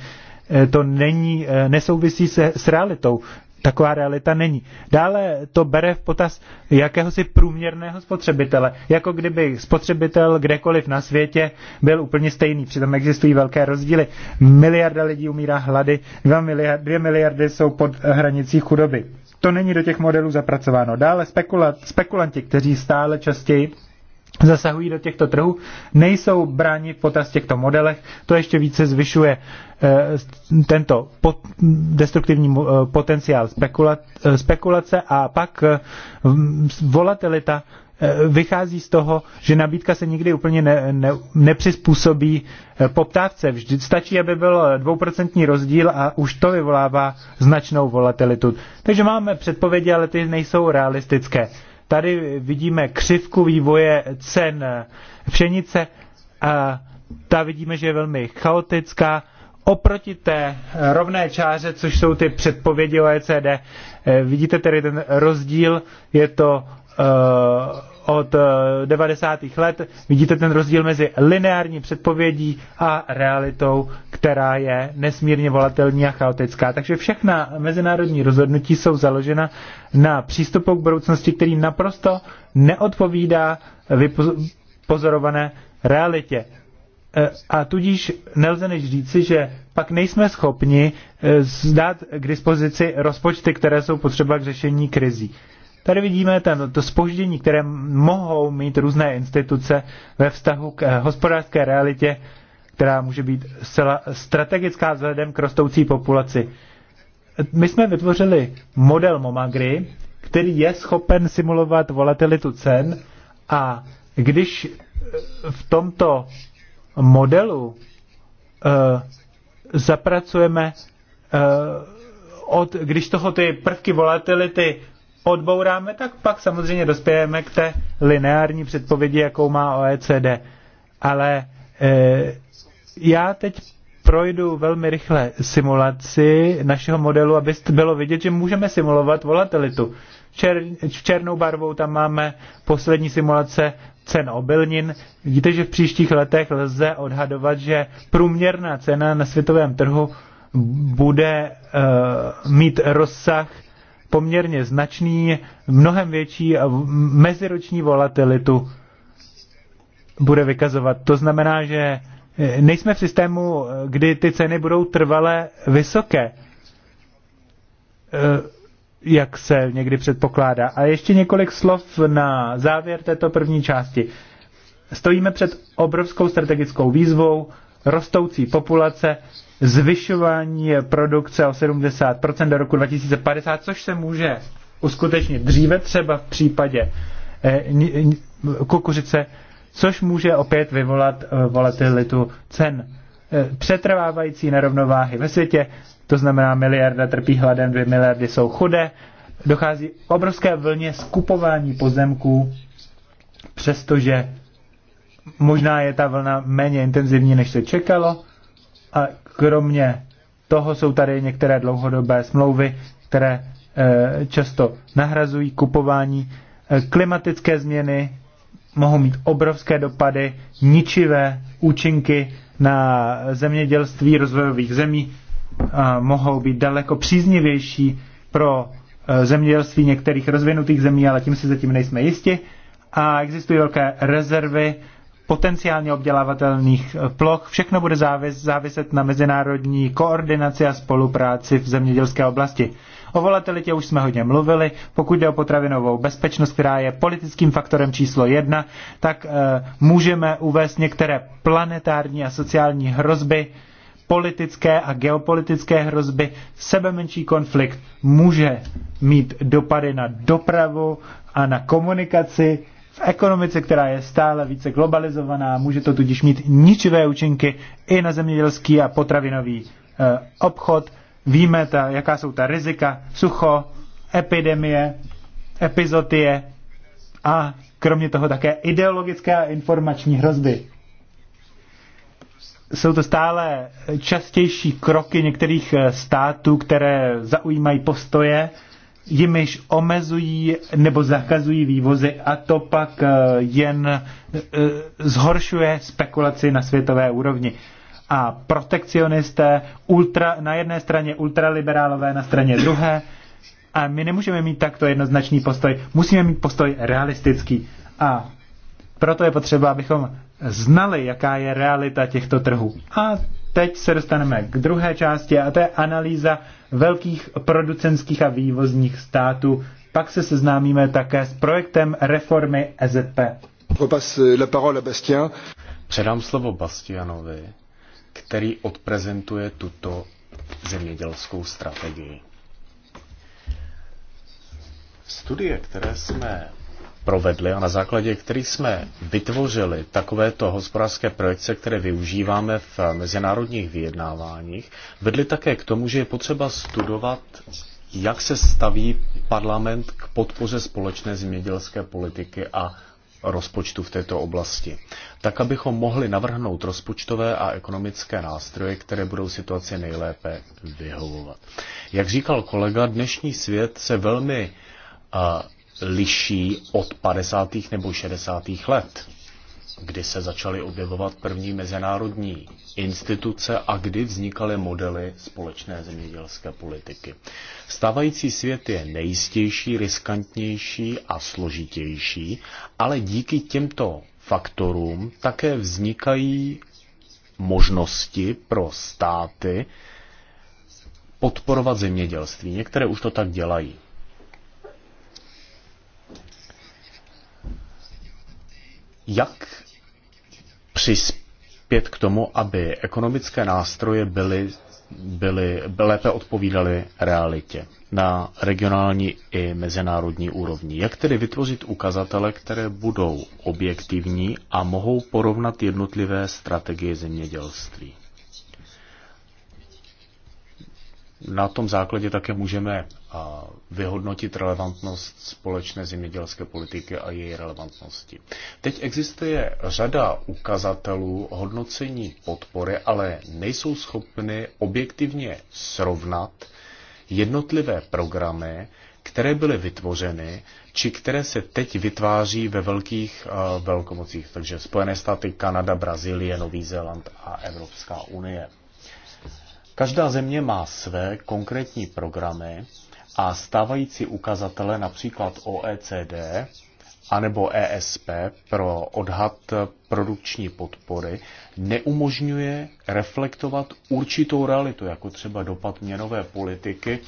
to není, nesouvisí se s realitou taková realita není. Dále to bere v potaz jakéhosi průměrného spotřebitele, jako kdyby spotřebitel kdekoliv na světě byl úplně stejný. Přitom existují velké rozdíly. Miliarda lidí umírá hlady, dva miliardy, dvě miliardy jsou pod hranicí chudoby. To není do těch modelů zapracováno. Dále spekulat, spekulanti, kteří stále častěji zasahují do těchto trhů, nejsou bráni v potaz těchto modelech, to ještě více zvyšuje eh, tento destruktivní eh, potenciál eh, spekulace a pak volatilita vychází z toho, že nabídka se nikdy úplně ne, ne, nepřizpůsobí poptávce. Vždy stačí, aby byl dvouprocentní rozdíl a už to vyvolává značnou volatilitu. Takže máme předpovědi, ale ty nejsou realistické. Tady vidíme křivku vývoje cen pšenice a ta vidíme, že je velmi chaotická. Oproti té rovné čáře, což jsou ty předpovědi OECD, eh, vidíte tedy ten rozdíl, je to Eh, od 90. Eh, let. Vidíte ten rozdíl mezi lineární předpovědí a realitou, která je nesmírně volatelní a chaotická. Takže všechna mezinárodní rozhodnutí jsou založena na přístupu k budoucnosti, který naprosto neodpovídá vypozorované realitě. Eh, a tudíž nelze než říci, že pak nejsme schopni zdát k dispozici rozpočty, které jsou potřeba k řešení krizí. Tady vidíme ten, to spoždění, které mohou mít různé instituce ve vztahu k eh, hospodářské realitě, která může být zcela strategická vzhledem k rostoucí populaci. My jsme vytvořili model Momagry, který je schopen simulovat volatilitu cen a když eh, v tomto modelu e, zapracujeme, e, od, když toho ty prvky volatility odbouráme, tak pak samozřejmě dospějeme k té lineární předpovědi, jakou má OECD. Ale e, já teď projdu velmi rychle simulaci našeho modelu, aby bylo vidět, že můžeme simulovat volatilitu. Čer, černou barvou tam máme poslední simulace cen obilnin. Vidíte, že v příštích letech lze odhadovat, že průměrná cena na světovém trhu bude e, mít rozsah poměrně značný, mnohem větší meziroční volatilitu bude vykazovat. To znamená, že e, nejsme v systému, e, kdy ty ceny budou trvale vysoké, e, jak se někdy předpokládá. A ještě několik slov na závěr této první části. Stojíme před obrovskou strategickou výzvou, rostoucí populace, zvyšování produkce o 70% do roku 2050, což se může uskutečnit dříve třeba v případě eh, kukuřice, což může opět vyvolat eh, volatilitu cen. Eh, přetrvávající nerovnováhy ve světě, to znamená miliarda trpí hladem, dvě miliardy jsou chudé, dochází k obrovské vlně skupování pozemků, přestože možná je ta vlna méně intenzivní, než se čekalo, a Kromě toho jsou tady některé dlouhodobé smlouvy, které eh, často nahrazují kupování. Eh, klimatické změny mohou mít obrovské dopady, ničivé účinky na zemědělství rozvojových zemí, a mohou být daleko příznivější pro eh, zemědělství některých rozvinutých zemí, ale tím si zatím nejsme jisti. A existují velké rezervy potenciálně obdělávatelných eh, ploch. Všechno bude závis, záviset na mezinárodní koordinaci a spolupráci v zemědělské oblasti. O volatilitě už jsme hodně mluvili. Pokud jde o potravinovou bezpečnost, která je politickým faktorem číslo jedna, tak e, můžeme uvést některé planetární a sociální hrozby, politické a geopolitické hrozby. Sebemenší konflikt může mít dopady na dopravu a na komunikaci ekonomice, která je stále více globalizovaná, může to tudíž mít ničivé účinky i na zemědělský a potravinový eh, obchod. Víme, ta, jaká jsou ta rizika, sucho, epidemie, epizotie a kromě toho také ideologické a informační hrozby. Jsou to stále častější kroky některých eh, států, které zaujímají postoje, jimiž omezují nebo zakazují vývozy a to pak eh, jen eh, zhoršuje spekulaci na světové úrovni. A protekcionisté ultra, na jedné straně ultraliberálové, na straně druhé. A my nemůžeme mít takto jednoznačný postoj. Musíme mít postoj realistický. A proto je potřeba, abychom znali, jaká je realita těchto trhů. A teď se dostaneme k druhé části a to je analýza velkých producenských a vývozních států. Pak se seznámíme také s projektem reformy EZP. Předám slovo Bastianovi, který odprezentuje tuto zemědělskou strategii. Studie, které jsme provedli a na základě kterých jsme vytvořili takovéto hospodářské projekce, které využíváme v mezinárodních vyjednáváních, vedly také k tomu, že je potřeba studovat, jak se staví parlament k podpoře společné zemědělské politiky a rozpočtu v této oblasti, tak abychom mohli navrhnout rozpočtové a ekonomické nástroje, které budou situaci nejlépe vyhovovat. Jak říkal kolega, dnešní svět se velmi liší od 50. nebo 60. let, kdy se začaly objevovat první mezinárodní instituce a kdy vznikaly modely společné zemědělské politiky. Stávající svět je nejistější, riskantnější a složitější, ale díky těmto faktorům také vznikají možnosti pro státy podporovat zemědělství. Některé už to tak dělají. Jak přispět k tomu, aby ekonomické nástroje byly, byly, byly lépe odpovídaly realitě na regionální i mezinárodní úrovni? Jak tedy vytvořit ukazatele, které budou objektivní a mohou porovnat jednotlivé strategie zemědělství? na tom základě také můžeme vyhodnotit relevantnost společné zemědělské politiky a její relevantnosti. Teď existuje řada ukazatelů hodnocení podpory, ale nejsou schopny objektivně srovnat jednotlivé programy, které byly vytvořeny, či které se teď vytváří ve velkých velkomocích, takže Spojené státy, Kanada, Brazílie, Nový Zéland a Evropská unie. Každá země má své konkrétní programy a stávající ukazatele, například OECD anebo ESP pro odhad produkční podpory, neumožňuje reflektovat určitou realitu, jako třeba dopad měnové politiky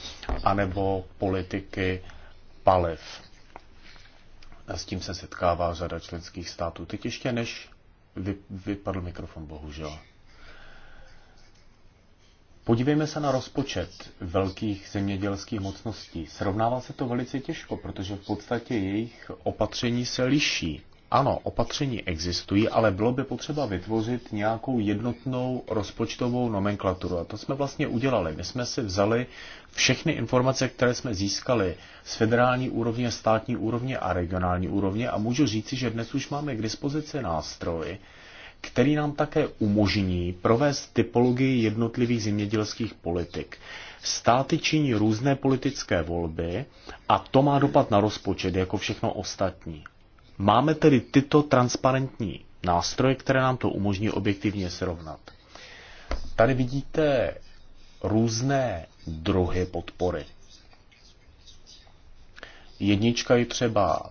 anebo politiky paliv. S tím se setkává řada členských států. Teď ještě než vy, vypadl mikrofon, bohužel. Podívejme se na rozpočet velkých zemědělských mocností. Srovnává se to velice těžko, protože v podstatě jejich opatření se liší. Ano, opatření existují, ale bylo by potřeba vytvořit nějakou jednotnou rozpočtovou nomenklaturu. A to jsme vlastně udělali. My jsme si vzali všechny informace, které jsme získali z federální úrovně, státní úrovně a regionální úrovně a můžu říci, že dnes už máme k dispozici nástroj, který nám také umožní provést typologii jednotlivých zemědělských politik. Státy činí různé politické volby a to má dopad na rozpočet, jako všechno ostatní. Máme tedy tyto transparentní nástroje, které nám to umožní objektivně srovnat. Tady vidíte různé druhy podpory. Jednička je třeba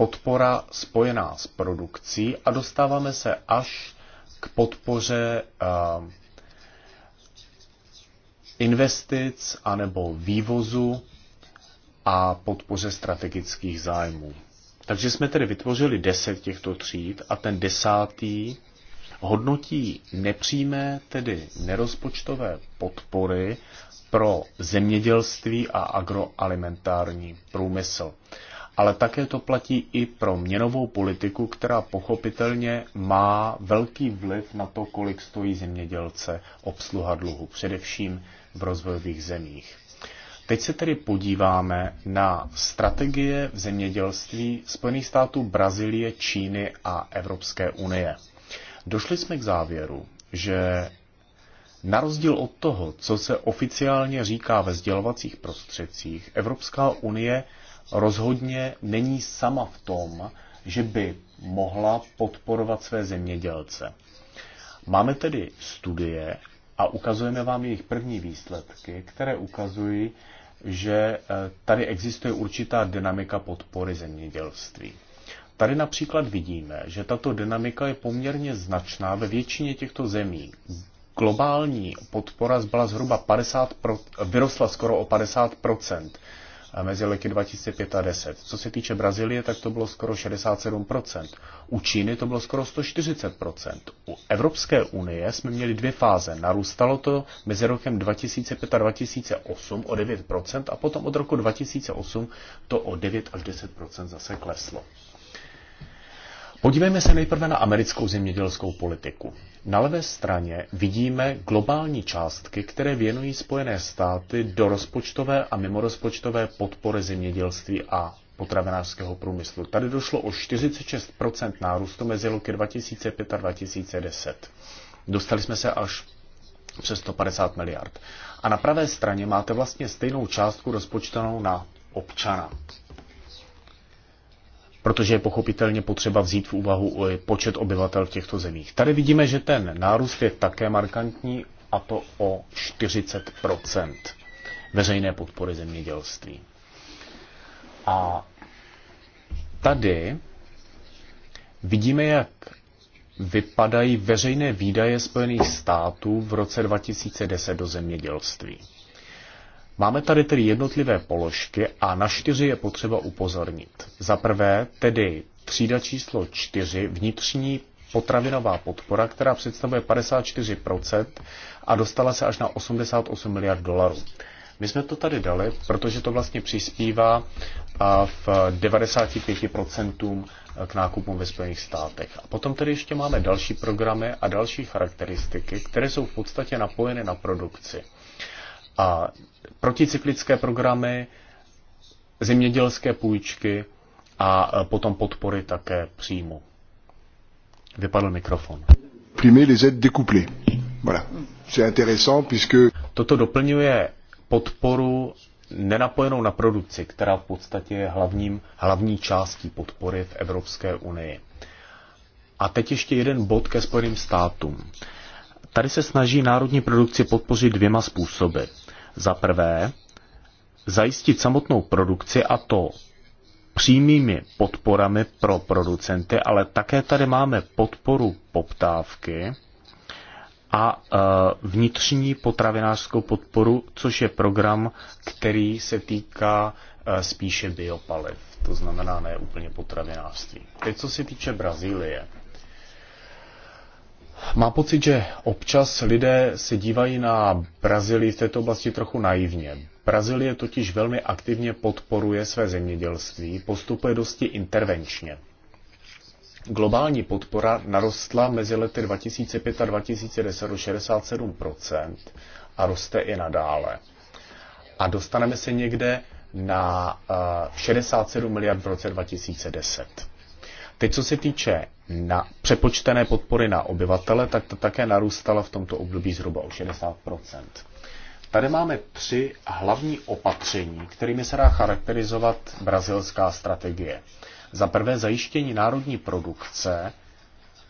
podpora spojená s produkcí a dostáváme se až k podpoře ehm, investic anebo vývozu a podpoře strategických zájmů. Takže jsme tedy vytvořili deset těchto tříd a ten desátý hodnotí nepřímé, tedy nerozpočtové podpory pro zemědělství a agroalimentární průmysl ale také to platí i pro měnovou politiku, která pochopitelně má velký vliv na to, kolik stojí zemědělce obsluha dluhu, především v rozvojových zemích. Teď se tedy podíváme na strategie v zemědělství Spojených států, Brazílie, Číny a Evropské unie. Došli jsme k závěru, že na rozdíl od toho, co se oficiálně říká ve sdělovacích prostředcích, Evropská unie rozhodně není sama v tom, že by mohla podporovat své zemědělce. Máme tedy studie a ukazujeme vám jejich první výsledky, které ukazují, že eh, tady existuje určitá dynamika podpory zemědělství. Tady například vidíme, že tato dynamika je poměrně značná ve většině těchto zemí. Globální podpora zbyla zhruba 50 eh, vyrostla skoro o 50 mezi lety 2005 a 10. Co se týče Brazílie, tak to bylo skoro 67%. U Číny to bylo skoro 140%. U Evropské unie jsme měli dvě fáze. Narůstalo to mezi rokem 2005 a 2008 o 9% a potom od roku 2008 to o 9 až 10% zase kleslo. Podívejme se nejprve na americkou zemědělskou politiku. Na levé straně vidíme globální částky, které věnují Spojené státy do rozpočtové a mimorozpočtové podpory zemědělství a potravinářského průmyslu. Tady došlo o 46 nárůstu mezi roky 2005 a 2010. Dostali jsme se až přes 150 miliard. A na pravé straně máte vlastně stejnou částku rozpočtenou na občana protože je pochopitelně potřeba vzít v úvahu počet obyvatel v těchto zemích. Tady vidíme, že ten nárůst je také markantní, a to o 40 veřejné podpory zemědělství. A tady vidíme, jak vypadají veřejné výdaje Spojených států v roce 2010 do zemědělství. Máme tady tedy jednotlivé položky a na čtyři je potřeba upozornit. Za prvé tedy třída číslo čtyři, vnitřní potravinová podpora, která představuje 54% a dostala se až na 88 miliard dolarů. My jsme to tady dali, protože to vlastně přispívá v 95% k nákupům ve Spojených státech. A potom tedy ještě máme další programy a další charakteristiky, které jsou v podstatě napojeny na produkci a proticyklické programy, zemědělské půjčky a e, potom podpory také příjmu. Vypadl mikrofon. Toto doplňuje podporu nenapojenou na produkci, která v podstatě je hlavním, hlavní částí podpory v Evropské unii. A teď ještě jeden bod ke Spojeným státům. Tady se snaží národní produkci podpořit dvěma způsoby. Za prvé, zajistit samotnou produkci a to přímými podporami pro producenty, ale také tady máme podporu poptávky a e, vnitřní potravinářskou podporu, což je program, který se týká e, spíše biopaliv, to znamená ne úplně potravinářství. Teď co se týče Brazílie. Mám pocit, že občas lidé se dívají na Brazílii v této oblasti trochu naivně. Brazílie totiž velmi aktivně podporuje své zemědělství, postupuje dosti intervenčně. Globální podpora narostla mezi lety 2005 a 2010 o 67% a roste i nadále. A dostaneme se někde na 67 eh, miliard v roce 2010. Teď, co se týče na přepočtené podpory na obyvatele, tak to také narůstala v tomto období zhruba o 60 Tady máme tři hlavní opatření, kterými se dá charakterizovat brazilská strategie. Za prvé zajištění národní produkce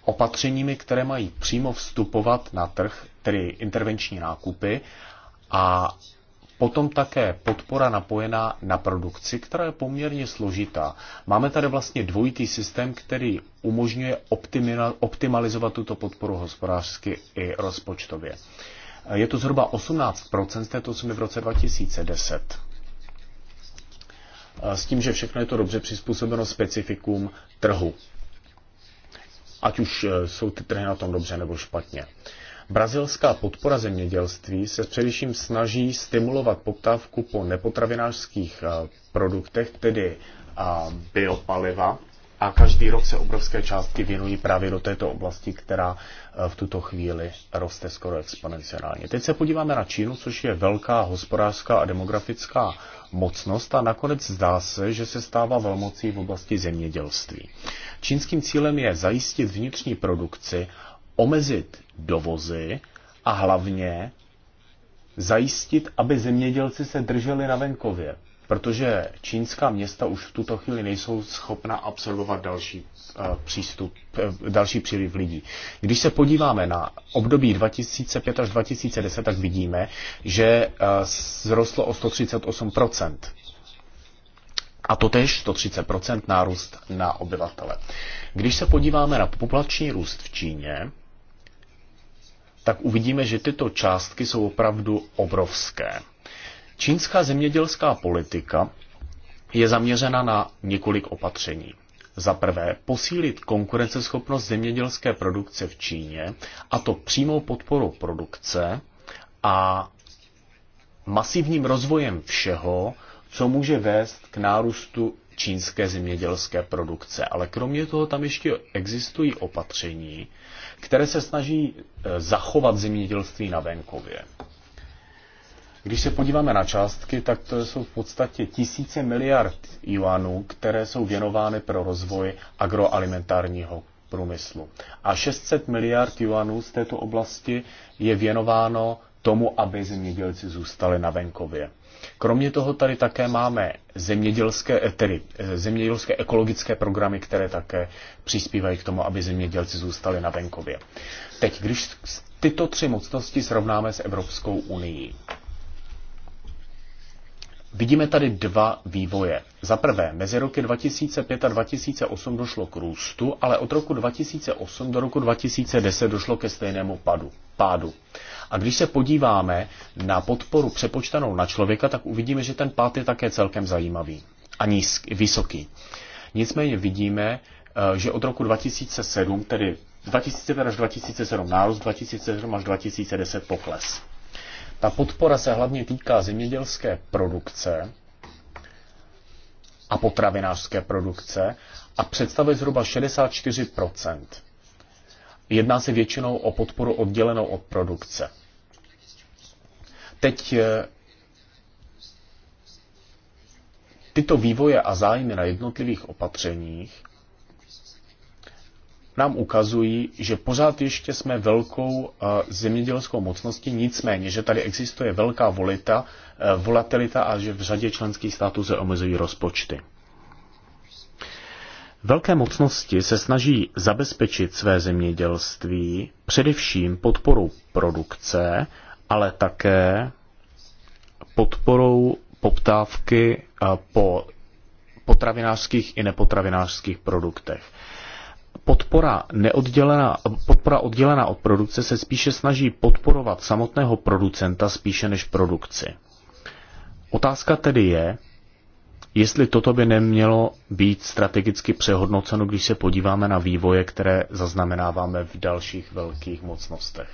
opatřeními, které mají přímo vstupovat na trh, tedy intervenční nákupy, a Potom také podpora napojená na produkci, která je poměrně složitá. Máme tady vlastně dvojitý systém, který umožňuje optimalizovat tuto podporu hospodářsky i rozpočtově. Je to zhruba 18% z této sumy v roce 2010. S tím, že všechno je to dobře přizpůsobeno specifikům trhu. Ať už eh, jsou ty trhy na tom dobře nebo špatně. Brazilská podpora zemědělství se především snaží stimulovat poptávku po nepotravinářských eh, produktech, tedy eh, biopaliva, a každý rok se obrovské částky věnují právě do této oblasti, která eh, v tuto chvíli roste skoro exponenciálně. Teď se podíváme na Čínu, což je velká hospodářská a demografická mocnost a nakonec zdá se, že se stává velmocí v oblasti zemědělství. Čínským cílem je zajistit vnitřní produkci omezit dovozy a hlavně zajistit, aby zemědělci se drželi na venkově, protože čínská města už v tuto chvíli nejsou schopna absorbovat další eh, přístup, eh, další příliv lidí. Když se podíváme na období 2005 až 2010, tak vidíme, že eh, zrostlo o 138%. A to tež 130% nárůst na obyvatele. Když se podíváme na populační růst v Číně, tak uvidíme, že tyto částky jsou opravdu obrovské. Čínská zemědělská politika je zaměřena na několik opatření. Za prvé, posílit konkurenceschopnost zemědělské produkce v Číně, a to přímou podporou produkce a masivním rozvojem všeho, co může vést k nárůstu čínské zemědělské produkce. Ale kromě toho tam ještě existují opatření, které se snaží eh, zachovat zemědělství na venkově. Když se podíváme na částky, tak to jsou v podstatě tisíce miliard juanů, které jsou věnovány pro rozvoj agroalimentárního průmyslu. A 600 miliard juanů z této oblasti je věnováno tomu, aby zemědělci zůstali na venkově. Kromě toho tady také máme zemědělské, eh, tedy eh, zemědělské ekologické programy, které také přispívají k tomu, aby zemědělci zůstali na venkově. Teď, když tyto tři mocnosti srovnáme s Evropskou unii, Vidíme tady dva vývoje. Za prvé, mezi roky 2005 a 2008 došlo k růstu, ale od roku 2008 do roku 2010 došlo ke stejnému padu. pádu. A když se podíváme na podporu přepočtanou na člověka, tak uvidíme, že ten pát je také celkem zajímavý a nízk, vysoký. Nicméně vidíme, eh, že od roku 2007, tedy 2005 až 2007 nárůst, 2007 až 2010 pokles. Ta podpora se hlavně týká zemědělské produkce a potravinářské produkce a představuje zhruba 64 Jedná se většinou o podporu oddělenou od produkce teď eh, tyto vývoje a zájmy na jednotlivých opatřeních nám ukazují, že pořád ještě jsme velkou eh, zemědělskou mocností, nicméně, že tady existuje velká volita, eh, volatilita a že v řadě členských států se omezují rozpočty. Velké mocnosti se snaží zabezpečit své zemědělství především podporou produkce ale také podporou poptávky eh, po potravinářských i nepotravinářských produktech. Podpora, neoddělená, podpora oddělená od produkce se spíše snaží podporovat samotného producenta spíše než produkci. Otázka tedy je, jestli toto by nemělo být strategicky přehodnoceno, když se podíváme na vývoje, které zaznamenáváme v dalších velkých mocnostech.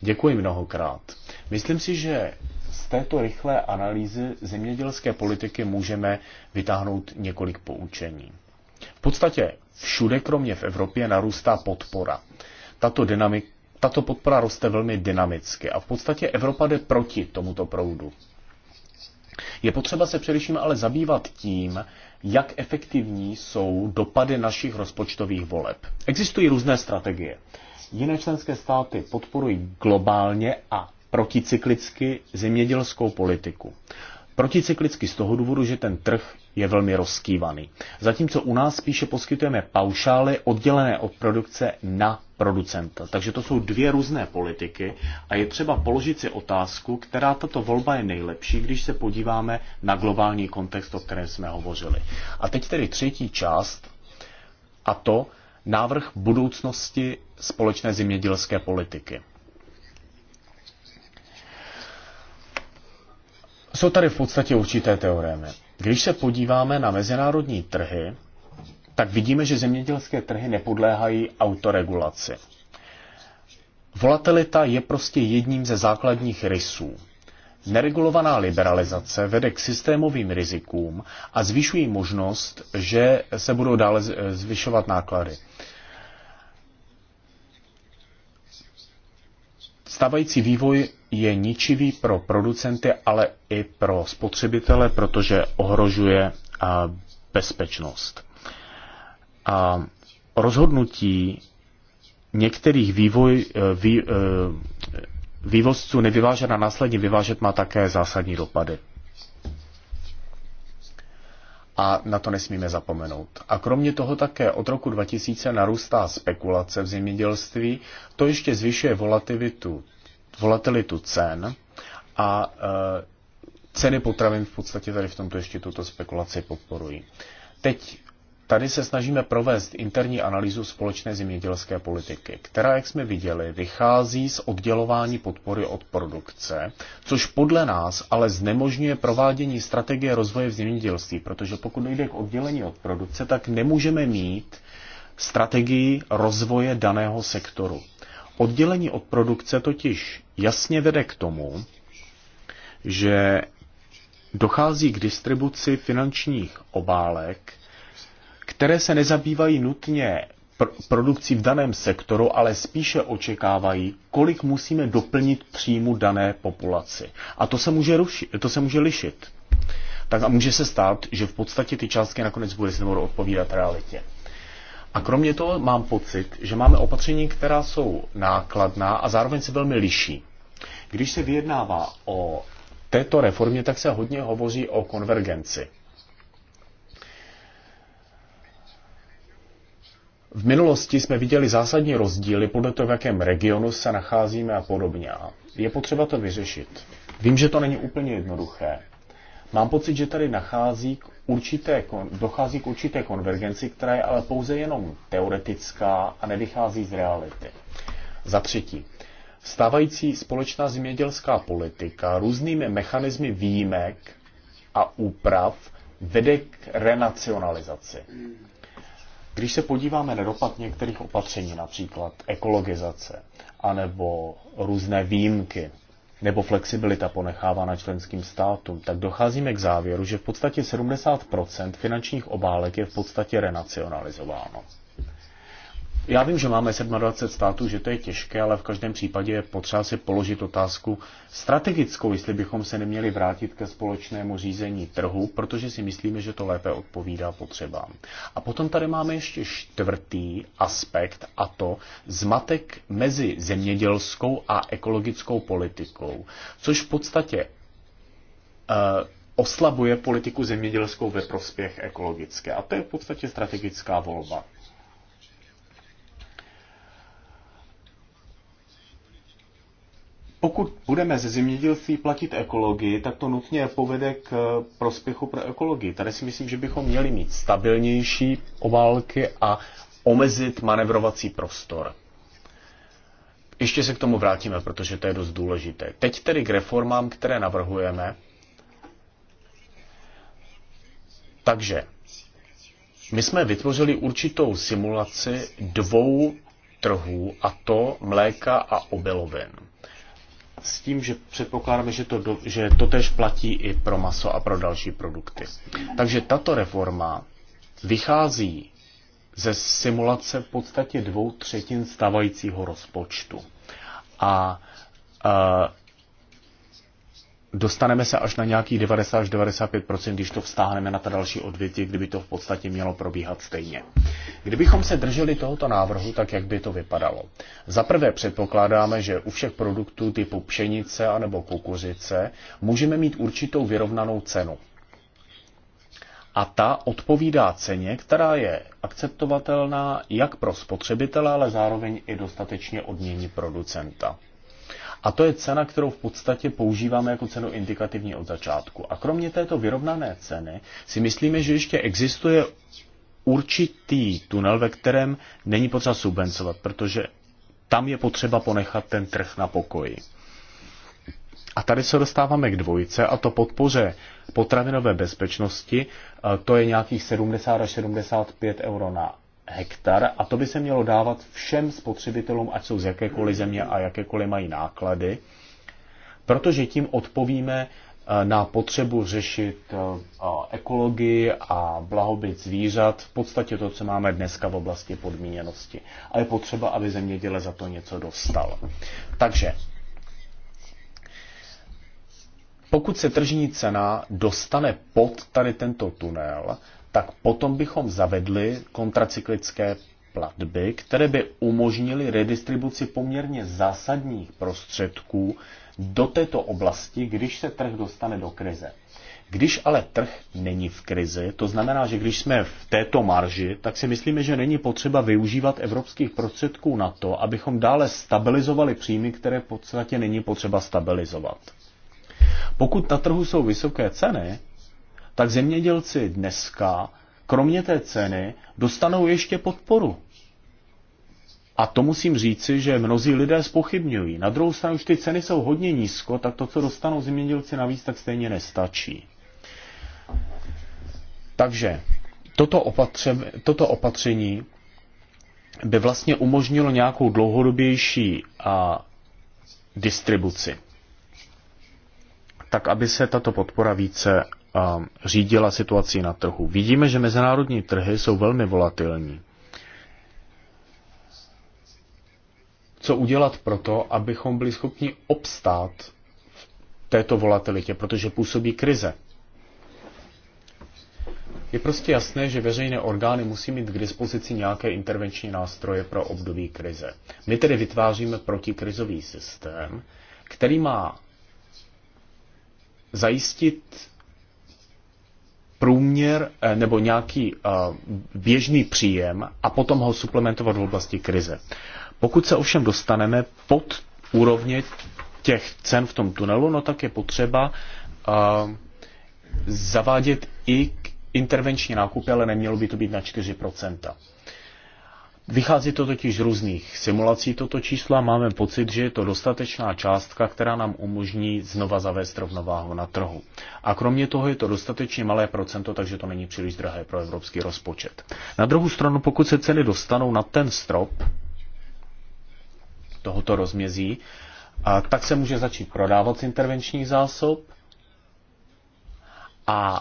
Děkuji mnohokrát. Myslím si, že z této rychlé analýzy zemědělské politiky můžeme vytáhnout několik poučení. V podstatě všude, kromě v Evropě, narůstá podpora. Tato, dynamik, tato podpora roste velmi dynamicky a v podstatě Evropa jde proti tomuto proudu. Je potřeba se především ale zabývat tím, jak efektivní jsou dopady našich rozpočtových voleb. Existují různé strategie. Jiné členské státy podporují globálně a proticyklicky zemědělskou politiku. Proticyklicky z toho důvodu, že ten trh je velmi rozkývaný. Zatímco u nás spíše poskytujeme paušály oddělené od produkce na producenta. Takže to jsou dvě různé politiky a je třeba položit si otázku, která tato volba je nejlepší, když se podíváme na globální kontext, o kterém jsme hovořili. A teď tedy třetí část a to návrh budoucnosti společné zemědělské politiky. jsou tady v podstatě určité teorémy. Když se podíváme na mezinárodní trhy, tak vidíme, že zemědělské trhy nepodléhají autoregulaci. Volatilita je prostě jedním ze základních rysů. Neregulovaná liberalizace vede k systémovým rizikům a zvyšují možnost, že se budou dále zvyšovat náklady. Stávající vývoj je ničivý pro producenty, ale i pro spotřebitele, protože ohrožuje bezpečnost. A rozhodnutí některých vývoj, e, vý, e, vývozců nevyvážet a následně vyvážet má také zásadní dopady. A na to nesmíme zapomenout. A kromě toho také od roku 2000 narůstá spekulace v zemědělství. To ještě zvyšuje volatilitu volatilitu cen a e, ceny potravin v podstatě tady v tomto ještě tuto spekulaci podporují. Teď tady se snažíme provést interní analýzu společné zemědělské politiky, která, jak jsme viděli, vychází z oddělování podpory od produkce, což podle nás ale znemožňuje provádění strategie rozvoje v zemědělství, protože pokud dojde k oddělení od produkce, tak nemůžeme mít strategii rozvoje daného sektoru. Oddělení od produkce totiž jasně vede k tomu, že dochází k distribuci finančních obálek, které se nezabývají nutně pr- produkcí v daném sektoru, ale spíše očekávají, kolik musíme doplnit příjmu dané populaci. A to se může, ruši- to se může lišit. Tak a může se stát, že v podstatě ty částky nakonec bude znovu odpovídat realitě. A kromě toho mám pocit, že máme opatření, která jsou nákladná a zároveň se velmi liší. Když se vyjednává o této reformě, tak se hodně hovoří o konvergenci. V minulosti jsme viděli zásadní rozdíly podle toho, v jakém regionu se nacházíme a podobně. Je potřeba to vyřešit. Vím, že to není úplně jednoduché. Mám pocit, že tady nachází k určité, dochází k určité konvergenci, která je ale pouze jenom teoretická a nevychází z reality. Za třetí, stávající společná zemědělská politika různými mechanismy výjimek a úprav vede k renacionalizaci. Když se podíváme na dopad některých opatření, například ekologizace, anebo různé výjimky, nebo flexibilita ponechávána členským státům, tak docházíme k závěru, že v podstatě 70 finančních obálek je v podstatě renacionalizováno. Já vím, že máme 27 států, že to je těžké, ale v každém případě je potřeba si položit otázku strategickou, jestli bychom se neměli vrátit ke společnému řízení trhu, protože si myslíme, že to lépe odpovídá potřebám. A potom tady máme ještě čtvrtý aspekt a to zmatek mezi zemědělskou a ekologickou politikou, což v podstatě uh, oslabuje politiku zemědělskou ve prospěch ekologické. A to je v podstatě strategická volba. Pokud budeme ze zemědělství platit ekologii, tak to nutně povede k eh, prospěchu pro ekologii. Tady si myslím, že bychom měli mít stabilnější obálky a omezit manevrovací prostor. Ještě se k tomu vrátíme, protože to je dost důležité. Teď tedy k reformám, které navrhujeme. Takže my jsme vytvořili určitou simulaci dvou trhů, a to mléka a obilovin s tím, že předpokládáme, že to, že to tež platí i pro maso a pro další produkty. Takže tato reforma vychází ze simulace v podstatě dvou třetin stávajícího rozpočtu. A uh, dostaneme se až na nějaký 90 až 95 když to vztáhneme na ta další odvětví, kdyby to v podstatě mělo probíhat stejně. Kdybychom se drželi tohoto návrhu, tak jak by to vypadalo? Za prvé předpokládáme, že u všech produktů typu pšenice anebo kukuřice můžeme mít určitou vyrovnanou cenu. A ta odpovídá ceně, která je akceptovatelná jak pro spotřebitele, ale zároveň i dostatečně odmění producenta. A to je cena, kterou v podstatě používáme jako cenu indikativní od začátku. A kromě této vyrovnané ceny si myslíme, že ještě existuje určitý tunel, ve kterém není potřeba subvencovat, protože tam je potřeba ponechat ten trh na pokoji. A tady se dostáváme k dvojice a to podpoře potravinové bezpečnosti, to je nějakých 70 až 75 euro na hektar a to by se mělo dávat všem spotřebitelům, ať jsou z jakékoliv země a jakékoliv mají náklady, protože tím odpovíme Eh, na potřebu řešit eh, ekologii a blahobyt zvířat, v podstatě to, co máme dneska v oblasti podmíněnosti. A je potřeba, aby zeměděle za to něco dostal. Takže pokud se tržní cena dostane pod tady tento tunel, tak potom bychom zavedli kontracyklické platby, které by umožnily redistribuci poměrně zásadních prostředků do této oblasti, když se trh dostane do krize. Když ale trh není v krizi, to znamená, že když jsme v této marži, tak si myslíme, že není potřeba využívat evropských prostředků na to, abychom dále stabilizovali příjmy, které v podstatě není potřeba stabilizovat. Pokud na trhu jsou vysoké ceny, tak zemědělci dneska, kromě té ceny, dostanou ještě podporu. A to musím říci, že mnozí lidé spochybňují. Na druhou stranu, už ty ceny jsou hodně nízko, tak to, co dostanou zemědělci navíc, tak stejně nestačí. Takže toto, opatře, toto opatření by vlastně umožnilo nějakou dlouhodobější a, distribuci, tak aby se tato podpora více a, řídila situací na trhu. Vidíme, že mezinárodní trhy jsou velmi volatilní. co udělat pro to, abychom byli schopni obstát v této volatilitě, protože působí krize. Je prostě jasné, že veřejné orgány musí mít k dispozici nějaké intervenční nástroje pro období krize. My tedy vytváříme protikrizový systém, který má zajistit průměr eh, nebo nějaký eh, běžný příjem a potom ho suplementovat v oblasti krize. Pokud se ovšem dostaneme pod úrovně těch cen v tom tunelu, no tak je potřeba uh, zavádět i k intervenční nákupy, ale nemělo by to být na 4%. Vychází to totiž z různých simulací toto číslo a máme pocit, že je to dostatečná částka, která nám umožní znova zavést rovnováhu na trhu. A kromě toho je to dostatečně malé procento, takže to není příliš drahé pro evropský rozpočet. Na druhou stranu, pokud se ceny dostanou na ten strop, tohoto rozmězí, a tak se může začít prodávat z intervenčních zásob. A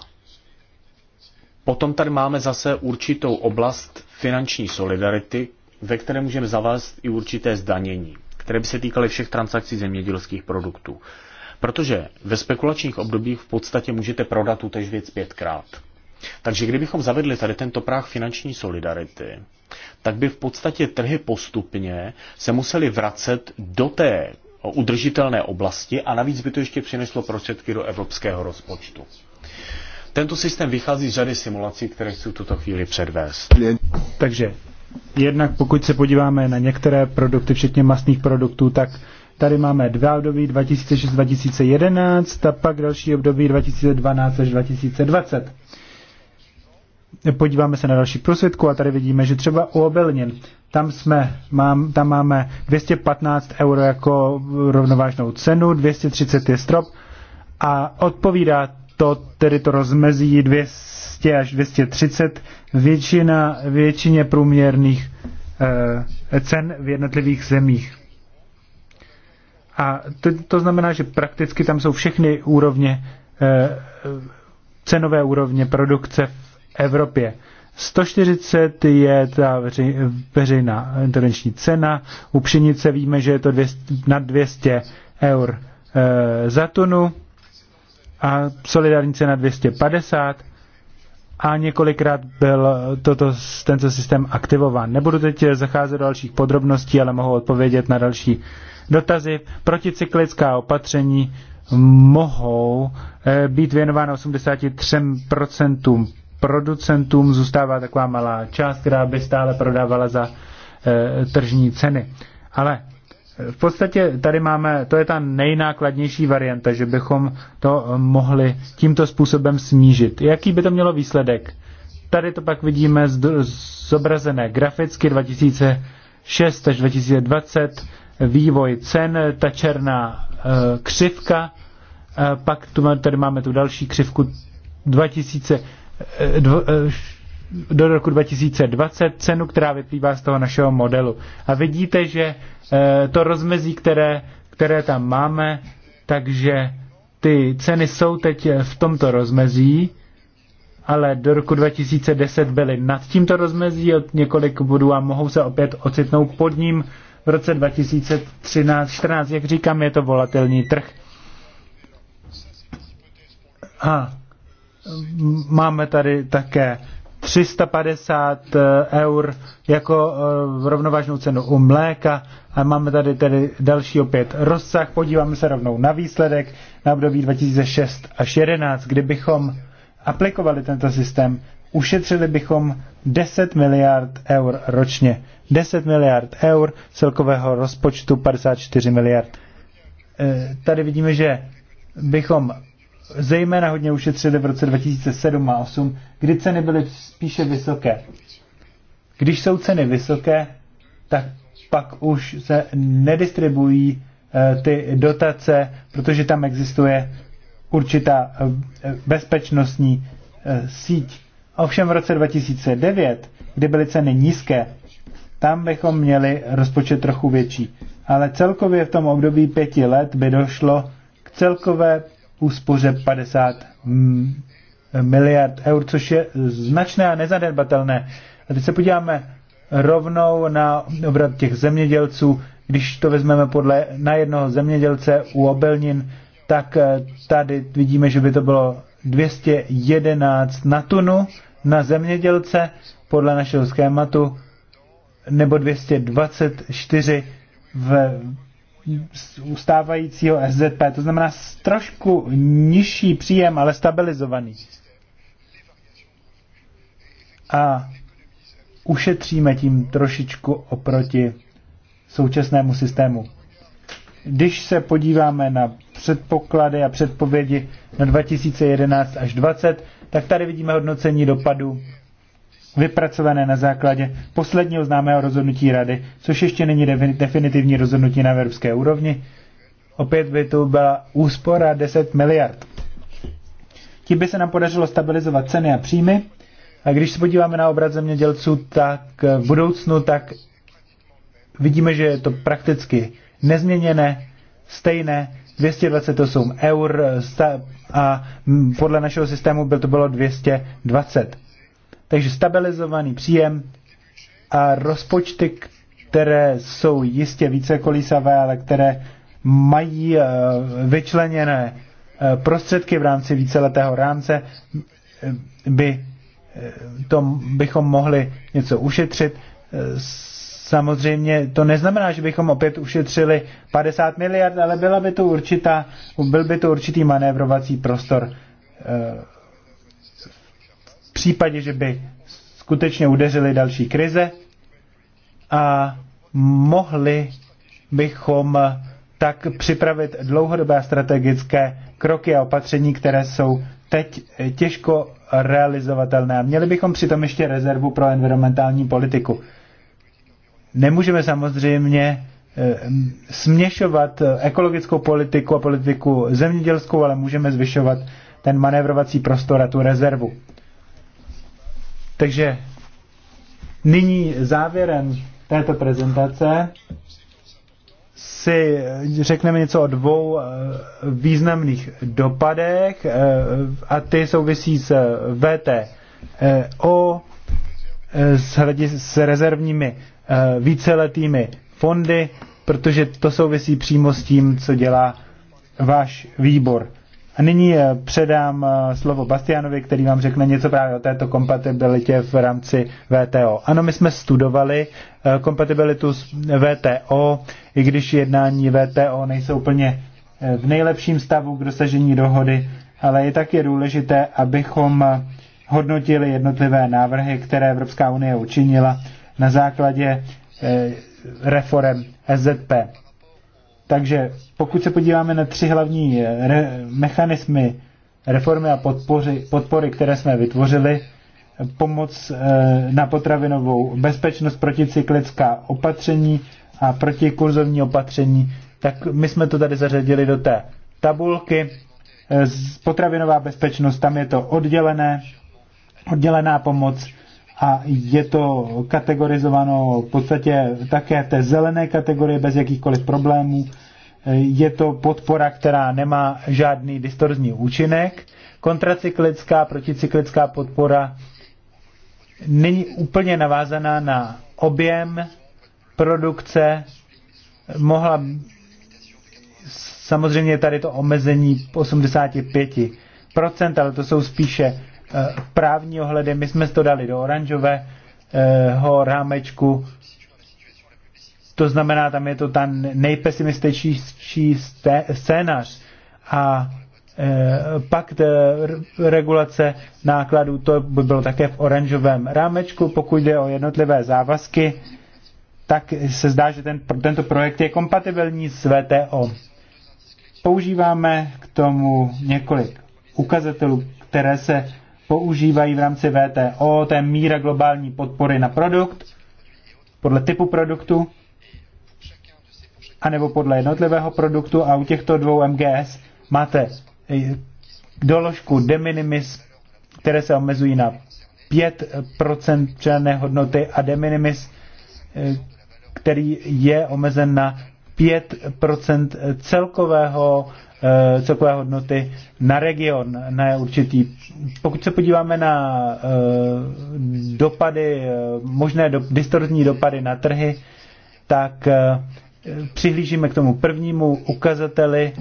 potom tady máme zase určitou oblast finanční solidarity, ve které můžeme zavést i určité zdanění, které by se týkaly všech transakcí zemědělských produktů. Protože ve spekulačních obdobích v podstatě můžete prodat tu tež věc pětkrát. Takže kdybychom zavedli tady tento práh finanční solidarity, tak by v podstatě trhy postupně se museli vracet do té udržitelné oblasti a navíc by to ještě přineslo prostředky do evropského rozpočtu. Tento systém vychází z řady simulací, které chci v tuto chvíli předvést. Takže jednak pokud se podíváme na některé produkty, včetně masných produktů, tak tady máme dva období 2006-2011 a pak další období 2012 až 2020 podíváme se na další prosvědku a tady vidíme, že třeba u obelnin, tam, jsme, mám, tam máme 215 euro jako rovnovážnou cenu, 230 je strop a odpovídá to, tedy to rozmezí 200 až 230 většina, většině průměrných eh, cen v jednotlivých zemích. A to, to znamená, že prakticky tam jsou všechny úrovně, eh, cenové úrovně produkce Evropě. 140 je ta veřejná intervenční cena, u pšenice víme, že je to 200, nad 200 eur e, za tunu a solidární cena 250 a několikrát byl toto, tento systém aktivován. Nebudu teď zacházet do dalších podrobností, ale mohu odpovědět na další dotazy. Proticyklická opatření mohou eh, být věnována 83% producentům zůstává taková malá část, která by stále prodávala za e, tržní ceny. Ale eh, v podstatě tady máme, to je ta nejnákladnější varianta, že bychom to eh, mohli tímto způsobem snížit. Jaký by to mělo výsledek? Tady to pak vidíme zobrazené graficky 2006 až 2020, vývoj cen, ta černá křivka, pak tu, tady máme tu další křivku 2000 Eh, do roku 2020 cenu, která vyplývá z toho našeho modelu. A vidíte, že eh, to rozmezí, které, které tam máme, takže ty ceny jsou teď eh, v tomto rozmezí, ale do roku 2010 byly nad tímto rozmezí od několik bodů a mohou se opět ocitnout pod ním v roce 2013-14. Jak říkám, je to volatilní trh. A Máme tady také 350 eh, eur jako eh, rovnovážnou cenu u mléka a máme tady tedy další opět rozsah. Podíváme se rovnou na výsledek na období 2006 až 2011. Kdybychom aplikovali tento systém, ušetřili bychom 10 miliard eur ročně. 10 miliard eur celkového rozpočtu 54 miliard. Eh, tady vidíme, že bychom zejména hodně ušetřili v roce 2007 a 2008, kdy ceny byly spíše vysoké. Když jsou ceny vysoké, tak pak už se nedistribují eh, ty dotace, protože tam existuje určitá eh, bezpečnostní eh, síť. Ovšem v roce 2009, kdy byly ceny nízké, tam bychom měli rozpočet trochu větší. Ale celkově v tom období pěti let by došlo k celkové úspoře 50 miliard eur, což je značné a nezanedbatelné. A teď se podíváme rovnou na obrat těch zemědělců. Když to vezmeme podle na jednoho zemědělce u obelnin, tak eh, tady vidíme, že by to bylo 211 na tunu na zemědělce podle našeho schématu nebo 224 v ustávajícího SZP, to znamená trošku nižší příjem, ale stabilizovaný. A ušetříme tím trošičku oproti současnému systému. Když se podíváme na předpoklady a předpovědi na 2011 až 2020, tak tady vidíme hodnocení dopadu vypracované na základě posledního známého rozhodnutí Rady, což ještě není definitivní rozhodnutí na evropské úrovni. Opět by tu byla úspora 10 miliard. Tím by se nám podařilo stabilizovat ceny a příjmy. A když se podíváme na obrat zemědělců, tak v budoucnu, tak vidíme, že je to prakticky nezměněné, stejné, 228 eur a podle našeho systému by to bylo 220. Takže stabilizovaný příjem a rozpočty, které jsou jistě více kolísavé, ale které mají eh, vyčleněné eh, prostředky v rámci víceletého rámce, eh, by to bychom mohli něco ušetřit. Samozřejmě to neznamená, že bychom opět ušetřili 50 miliard, ale byla by to určitá, byl by to určitý manévrovací prostor případě, že by skutečně udeřily další krize a mohli bychom tak připravit dlouhodobé strategické kroky a opatření, které jsou teď těžko realizovatelné. Měli bychom přitom ještě rezervu pro environmentální politiku. Nemůžeme samozřejmě eh, směšovat ekologickou politiku a politiku zemědělskou, ale můžeme zvyšovat ten manévrovací prostor a tu rezervu. Takže nyní závěrem této prezentace si řekneme něco o dvou eh, významných dopadech eh, a ty souvisí s eh, VTO, s, rezervními víceletými fondy, protože to souvisí přímo s tím, co dělá váš výbor. A nyní eh, předám eh, slovo Bastianovi, který vám řekne něco právě o této kompatibilitě v rámci VTO. Ano, my jsme studovali eh, kompatibilitu s VTO, i když jednání VTO nejsou úplně v nejlepším stavu k dosažení dohody, ale je taky důležité, abychom hodnotili jednotlivé návrhy, které Evropská unie učinila na základě reform SZP. Takže pokud se podíváme na tři hlavní eh, re- mechanismy reformy a podpory, podpory, které jsme vytvořili, eh, pomoc eh, na potravinovou bezpečnost, proticyklická opatření a protikurzovní opatření, tak my jsme to tady zařadili do té tabulky. Potravinová bezpečnost, tam je to oddělené, oddělená pomoc, a je to kategorizováno v podstatě také v té zelené kategorie bez jakýchkoliv problémů. Je to podpora, která nemá žádný distorzní účinek. Kontracyklická, proticyklická podpora není úplně navázaná na objem produkce. Mohla samozřejmě tady to omezení 85%, ale to jsou spíše právní ohledy. My jsme to dali do oranžového rámečku. To znamená, tam je to ten nejpesimističtější scénář. A e, pak e, regulace nákladů, to by bylo také v oranžovém rámečku. Pokud jde o jednotlivé závazky, tak se zdá, že ten, tento projekt je kompatibilní s VTO. Používáme k tomu několik ukazatelů, které se používají v rámci VTO, to je míra globální podpory na produkt, podle typu produktu, anebo podle jednotlivého produktu a u těchto dvou MGS máte eh, doložku de minimis, které se omezují na 5% přidané hodnoty a de minimis, eh, který je omezen na 5% celkového Eh, celkové hodnoty na region, na určitý. Pokud se podíváme na eh, dopady, eh, možné do, distorzní dopady na trhy, tak přihlížíme k tomu prvnímu ukazateli,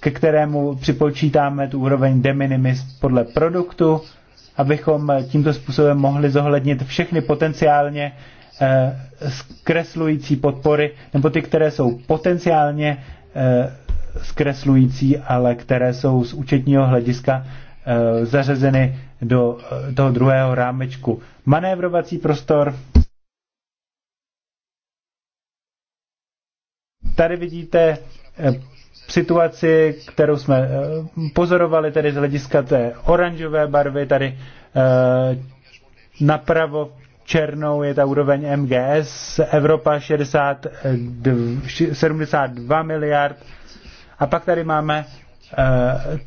ke kterému připočítáme tu úroveň de minimis podle produktu, abychom tímto způsobem mohli zohlednit všechny potenciálně zkreslující podpory, nebo ty, které jsou potenciálně zkreslující, ale které jsou z účetního hlediska eh, zařazeny do eh, toho druhého rámečku. Manévrovací prostor. Tady vidíte eh, situaci, kterou jsme pozorovali tedy z hlediska té oranžové barvy, tady napravo černou je ta úroveň MGS, Evropa 60, 72 miliard, a pak tady máme eh,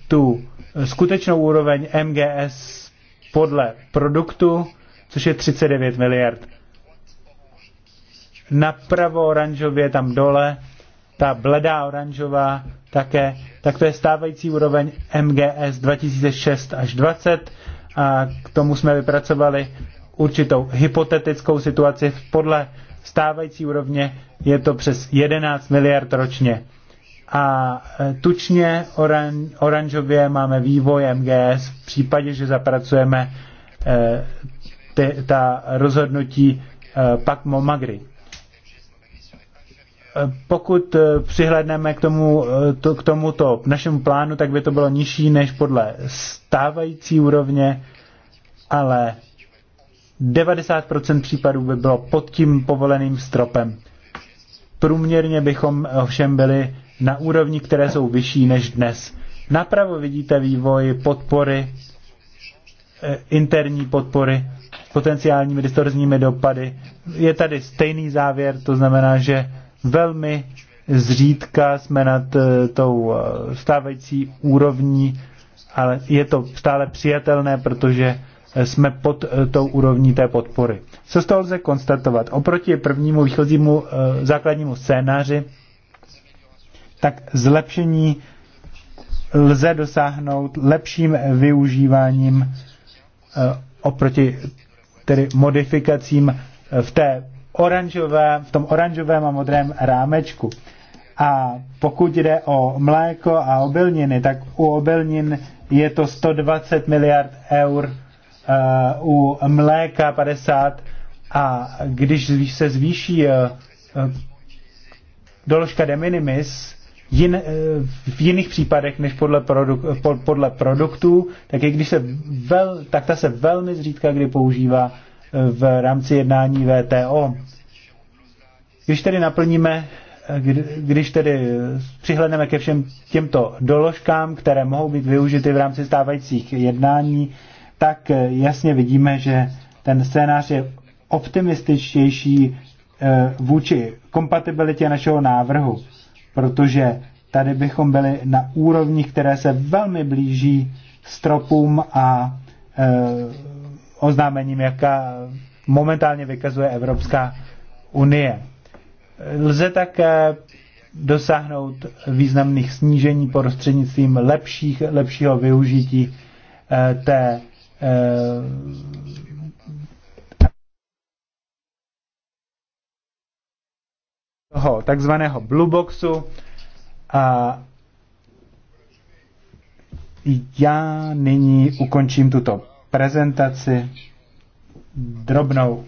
tu skutečnou úroveň MGS podle produktu, což je 39 miliard. Napravo oranžově tam dole, ta bledá oranžová také, tak to je stávající úroveň MGS 2006 až 20 a k tomu jsme vypracovali určitou hypotetickou situaci podle stávající úrovně je to přes 11 miliard ročně a e, tučně oran, oranžově máme vývoj MGS v případě, že zapracujeme eh, te, ta rozhodnutí eh, pak Momagry. E, pokud e, přihledneme k, tomu, to, k tomuto k našemu plánu, tak by to bylo nižší než podle stávající úrovně, ale 90% případů by bylo pod tím povoleným stropem. Průměrně bychom ovšem byli na úrovni, které jsou vyšší než dnes. Napravo vidíte vývoj podpory, eh, interní podpory s potenciálními distorzními dopady. Je tady stejný závěr, to znamená, že velmi zřídka jsme nad eh, tou eh, stávající úrovní, ale je to stále přijatelné, protože jsme pod tou úrovní té podpory. Co z toho lze konstatovat? Oproti prvnímu výchozímu základnímu scénáři tak zlepšení lze dosáhnout lepším využíváním eh, oproti tedy modifikacím eh, v té oranžové, v tom oranžovém a modrém rámečku. A pokud jde o mléko a obilniny, tak u obilnin je to 120 miliard eur, eh, u mléka 50 a když se zvýší doložka de minimis, jin, eh, v jiných případech než podle, produk, eh, podle produktů, tak i když se vel, tak ta se velmi zřídka kdy používá eh, v rámci jednání VTO. Když tedy naplníme, když tedy přihledneme ke všem těmto doložkám, které mohou být využity v rámci stávajících jednání, tak jasně vidíme, že ten scénář je optimističtější vůči kompatibilitě našeho návrhu protože tady bychom byli na úrovni, které se velmi blíží stropům a e, oznámením, jaká momentálně vykazuje Evropská unie. Lze také e, dosáhnout významných snížení prostřednictvím lepších, lepšího využití e, té e, toho takzvaného blue boxu a já nyní ukončím tuto prezentaci drobnou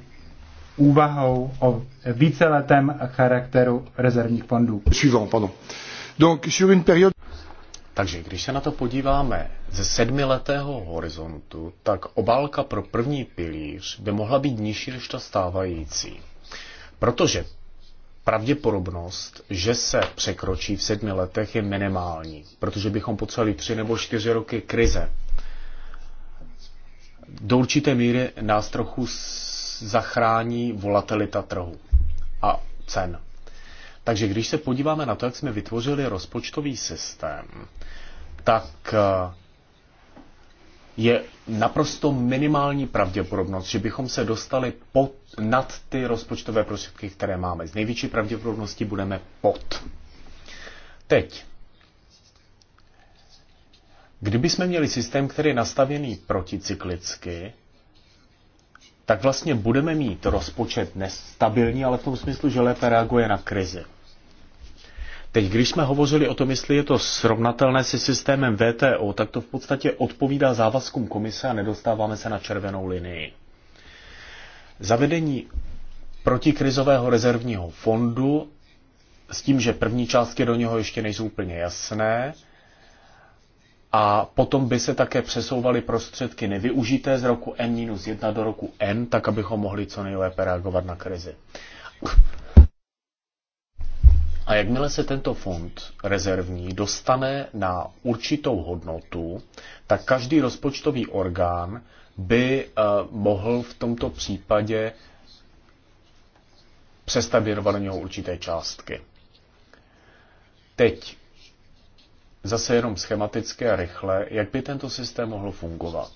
úvahou o víceletém charakteru rezervních fondů. Takže když se na to podíváme ze sedmiletého horizontu, tak obálka pro první pilíř by mohla být nižší než ta stávající. Protože pravděpodobnost, že se překročí v sedmi letech, je minimální, protože bychom potřebovali tři nebo čtyři roky krize. Do určité míry nás trochu zachrání volatilita trhu a cen. Takže když se podíváme na to, jak jsme vytvořili rozpočtový systém, tak eh, je naprosto minimální pravděpodobnost, že bychom se dostali pod, nad ty rozpočtové prostředky, které máme. Z největší pravděpodobnosti budeme pod. Teď. Kdybychom měli systém, který je nastavený proticyklicky, tak vlastně budeme mít rozpočet nestabilní, ale v tom smyslu, že lépe reaguje na krizi. Teď, když jsme hovořili o tom, jestli je to srovnatelné se systémem VTO, tak to v podstatě odpovídá závazkům komise a nedostáváme se na červenou linii. Zavedení protikrizového rezervního fondu s tím, že první částky do něho ještě nejsou úplně jasné, a potom by se také přesouvaly prostředky nevyužité z roku N-1 do roku N, tak abychom mohli co nejlépe reagovat na krizi. A jakmile se tento fond rezervní dostane na určitou hodnotu, tak každý rozpočtový orgán by eh, mohl v tomto případě přestat věnovat do něho určité částky. Teď zase jenom schematicky a rychle, jak by tento systém mohl fungovat.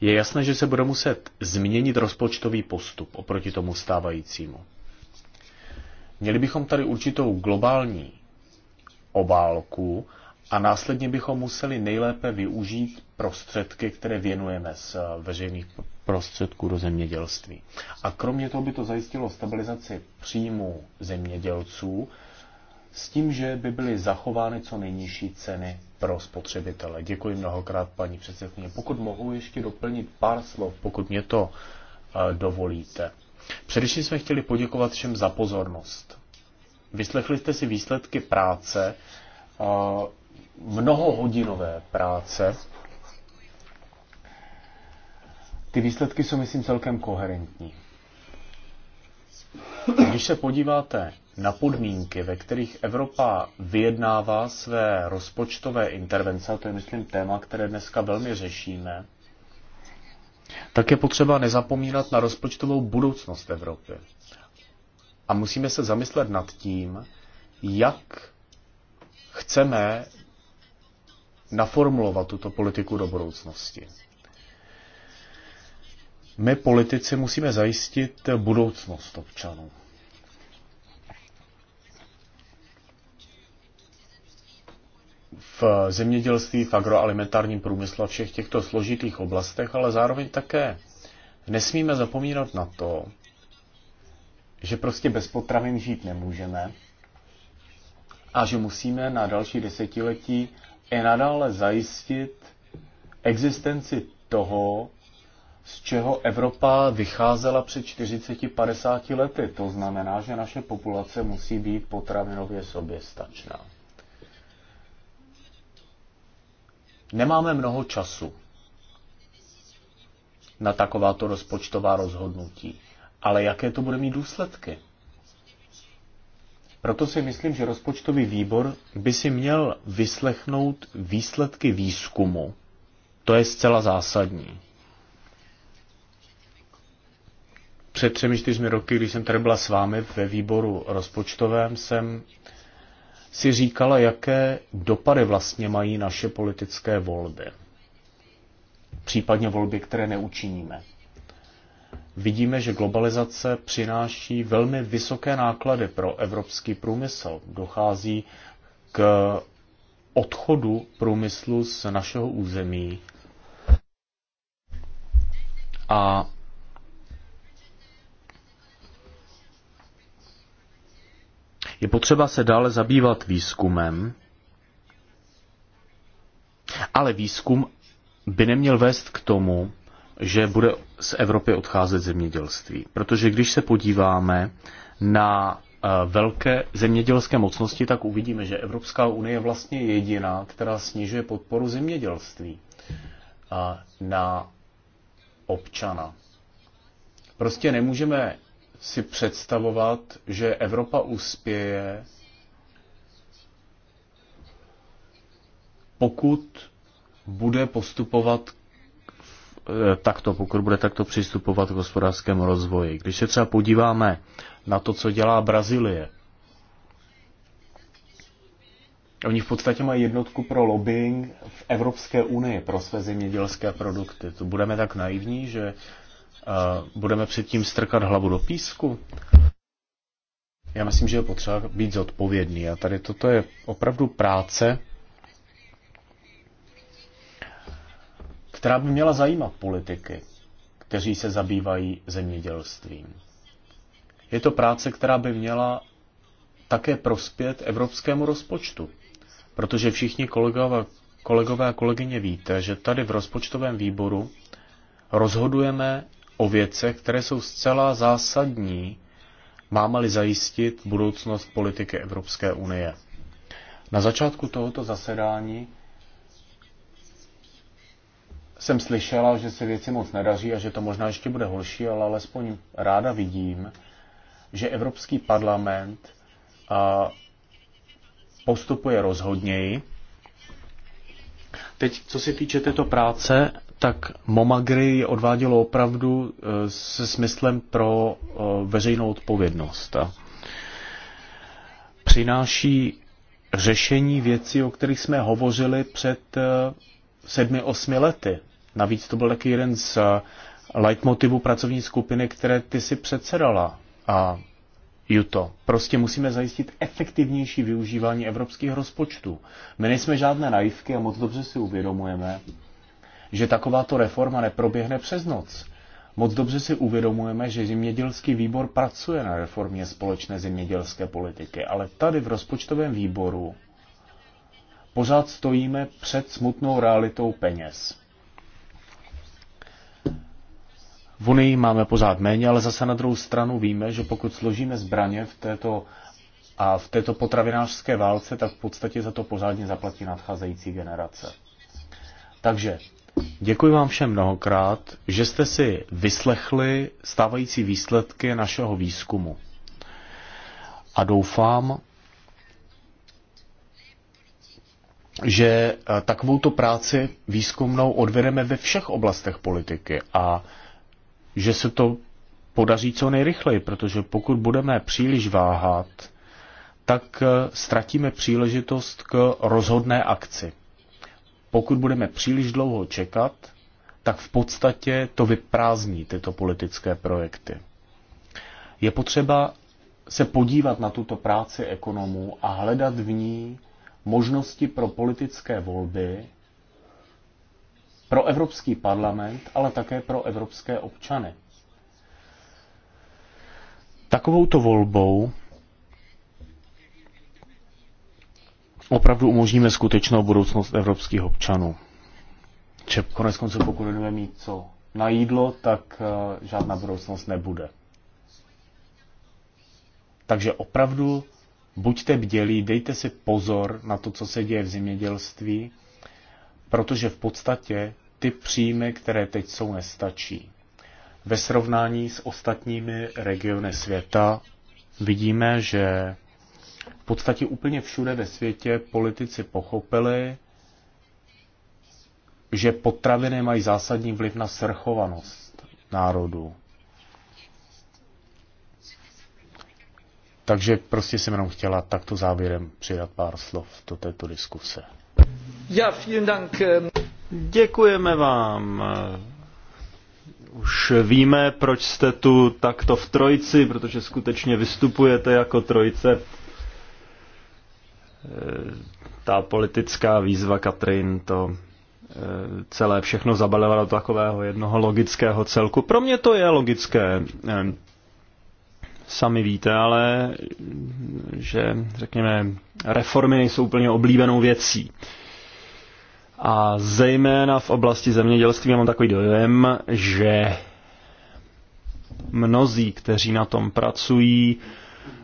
Je jasné, že se bude muset změnit rozpočtový postup oproti tomu stávajícímu. Měli bychom tady určitou globální obálku a následně bychom museli nejlépe využít prostředky, které věnujeme z veřejných prostředků do zemědělství. A kromě toho by to zajistilo stabilizaci příjmu zemědělců s tím, že by byly zachovány co nejnižší ceny pro spotřebitele. Děkuji mnohokrát, paní předsedkyně. Pokud mohu ještě doplnit pár slov, pokud mě to eh, dovolíte. Především jsme chtěli poděkovat všem za pozornost. Vyslechli jste si výsledky práce, mnohohodinové práce. Ty výsledky jsou, myslím, celkem koherentní. Když se podíváte na podmínky, ve kterých Evropa vyjednává své rozpočtové intervence, a to je, myslím, téma, které dneska velmi řešíme, tak je potřeba nezapomínat na rozpočtovou budoucnost Evropy. A musíme se zamyslet nad tím, jak chceme naformulovat tuto politiku do budoucnosti. My politici musíme zajistit budoucnost občanů. v zemědělství, v agroalimentárním průmyslu a všech těchto složitých oblastech, ale zároveň také nesmíme zapomínat na to, že prostě bez potravin žít nemůžeme a že musíme na další desetiletí i nadále zajistit existenci toho, z čeho Evropa vycházela před 40-50 lety. To znamená, že naše populace musí být potravinově soběstačná. Nemáme mnoho času na takováto rozpočtová rozhodnutí. Ale jaké to bude mít důsledky? Proto si myslím, že rozpočtový výbor by si měl vyslechnout výsledky výzkumu. To je zcela zásadní. Před třemi čtyřmi roky, když jsem tady byla s vámi ve výboru rozpočtovém, jsem si říkala, jaké dopady vlastně mají naše politické volby. Případně volby, které neučiníme. Vidíme, že globalizace přináší velmi vysoké náklady pro evropský průmysl. Dochází k odchodu průmyslu z našeho území. A Je potřeba se dále zabývat výzkumem, ale výzkum by neměl vést k tomu, že bude z Evropy odcházet zemědělství. Protože když se podíváme na eh, velké zemědělské mocnosti, tak uvidíme, že Evropská unie vlastně je vlastně jediná, která snižuje podporu zemědělství eh, na občana. Prostě nemůžeme si představovat, že Evropa uspěje, pokud bude postupovat eh, takto, pokud bude takto přistupovat k hospodářskému rozvoji. Když se třeba podíváme na to, co dělá Brazílie, Oni v podstatě mají jednotku pro lobbying v Evropské unii pro své zemědělské produkty. To budeme tak naivní, že budeme předtím strkat hlavu do písku? Já myslím, že je potřeba být zodpovědný a tady toto je opravdu práce, která by měla zajímat politiky, kteří se zabývají zemědělstvím. Je to práce, která by měla také prospět evropskému rozpočtu, protože všichni kolegové, kolegové a kolegyně víte, že tady v rozpočtovém výboru rozhodujeme o věcech, které jsou zcela zásadní, máme-li zajistit budoucnost politiky Evropské unie. Na začátku tohoto zasedání jsem slyšela, že se věci moc nedaří a že to možná ještě bude horší, ale alespoň ráda vidím, že Evropský parlament postupuje rozhodněji. Teď, co se týče této práce, tak Momagry je odvádělo opravdu eh, se smyslem pro eh, veřejnou odpovědnost. přináší řešení věcí, o kterých jsme hovořili před eh, sedmi, osmi lety. Navíc to byl taky jeden z leitmotivů pracovní skupiny, které ty si předsedala. A Juto. Prostě musíme zajistit efektivnější využívání evropských rozpočtů. My nejsme žádné naivky a moc dobře si uvědomujeme, že takováto reforma neproběhne přes noc. Moc dobře si uvědomujeme, že zemědělský výbor pracuje na reformě společné zemědělské politiky, ale tady v rozpočtovém výboru pořád stojíme před smutnou realitou peněz. V Unii máme pořád méně, ale zase na druhou stranu víme, že pokud složíme zbraně v této, a v této potravinářské válce, tak v podstatě za to pořádně zaplatí nadcházející generace. Takže Děkuji vám všem mnohokrát, že jste si vyslechli stávající výsledky našeho výzkumu. A doufám, že eh, takovou práci výzkumnou odvedeme ve všech oblastech politiky a že se to podaří co nejrychleji, protože pokud budeme příliš váhat, tak eh, ztratíme příležitost k rozhodné akci. Pokud budeme příliš dlouho čekat, tak v podstatě to vyprázdní tyto politické projekty. Je potřeba se podívat na tuto práci ekonomů a hledat v ní možnosti pro politické volby, pro Evropský parlament, ale také pro evropské občany. Takovouto volbou opravdu umožníme skutečnou budoucnost evropských občanů. Čep, konec konce, pokud budeme mít co na jídlo, tak eh, žádná budoucnost nebude. Takže opravdu buďte bdělí, dejte si pozor na to, co se děje v zemědělství, protože v podstatě ty příjmy, které teď jsou, nestačí. Ve srovnání s ostatními regiony světa vidíme, že podstatě úplně všude ve světě politici pochopili, že potraviny mají zásadní vliv na srchovanost národů. Takže prostě jsem jenom chtěla takto závěrem přidat pár slov do této diskuse. Ja, vielen Dank. Eh, Děkujeme vám. Už víme, proč jste tu takto v trojici, protože skutečně vystupujete jako trojice. Eh, ta politická výzva Katrin to eh, celé všechno zabalila do takového jednoho logického celku. Pro mě to je logické. Eh, sami víte, ale že, řekněme, reformy nejsou úplně oblíbenou věcí. A zejména v oblasti zemědělství mám takový dojem, že mnozí, kteří na tom pracují,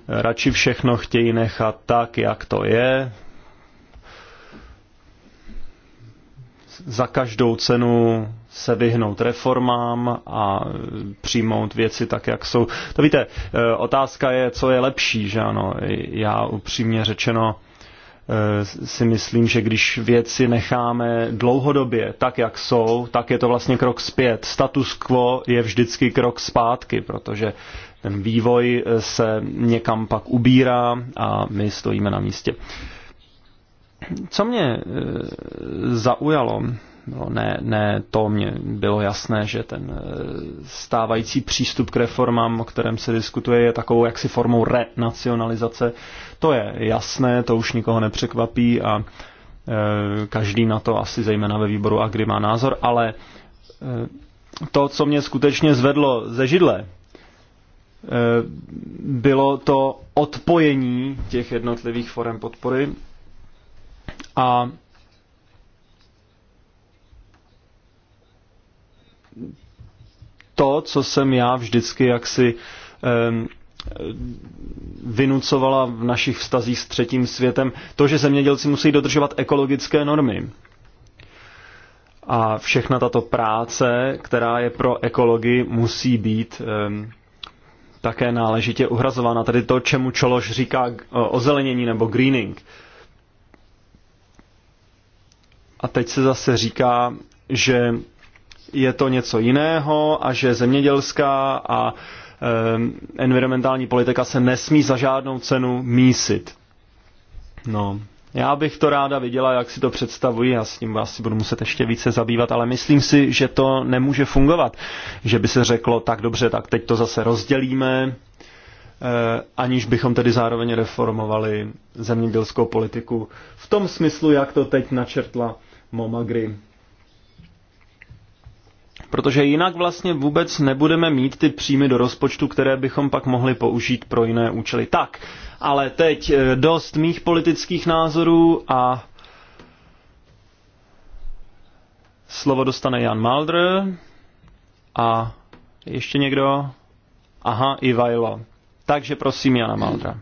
radši všechno chtějí nechat tak, jak to je. Za každou cenu se vyhnout reformám a přijmout věci tak, jak jsou. To víte, eh, otázka je, co je lepší, že ano. Já upřímně řečeno eh, si myslím, že když věci necháme dlouhodobě tak, jak jsou, tak je to vlastně krok zpět. Status quo je vždycky krok zpátky, protože ten vývoj eh, se někam pak ubírá a my stojíme na místě. Co mě eh, zaujalo, bylo no, ne, ne, to mě bylo jasné, že ten eh, stávající přístup k reformám, o kterém se diskutuje, je takovou jaksi formou renacionalizace. To je jasné, to už nikoho nepřekvapí a každý na to asi zejména ve výboru Agri má názor, ale to, co mě skutečně zvedlo ze židle, Eh, bylo to odpojení těch jednotlivých forem podpory a to, co jsem já vždycky jaksi eh, vynucovala v našich vztazích s třetím světem, to, že zemědělci musí dodržovat ekologické normy. A všechna tato práce, která je pro ekologii musí být eh, také náležitě uhrazována. Tady to, čemu Čološ říká eh, ozelenění nebo greening. A teď se zase říká, že je to něco jiného a že zemědělská a eh, environmentální politika se nesmí za žádnou cenu mísit. No, já bych to ráda viděla, jak si to představuji, já s tím asi budu muset ještě více zabývat, ale myslím si, že to nemůže fungovat, že by se řeklo, tak dobře, tak teď to zase rozdělíme, eh, aniž bychom tedy zároveň reformovali zemědělskou politiku v tom smyslu, jak to teď načrtla Momagry protože jinak vlastně vůbec nebudeme mít ty příjmy do rozpočtu, které bychom pak mohli použít pro jiné účely. Tak, ale teď eh, dost mých politických názorů a slovo dostane Jan Maldr a ještě někdo? Aha, Vajlo. Takže prosím Jana Maldra.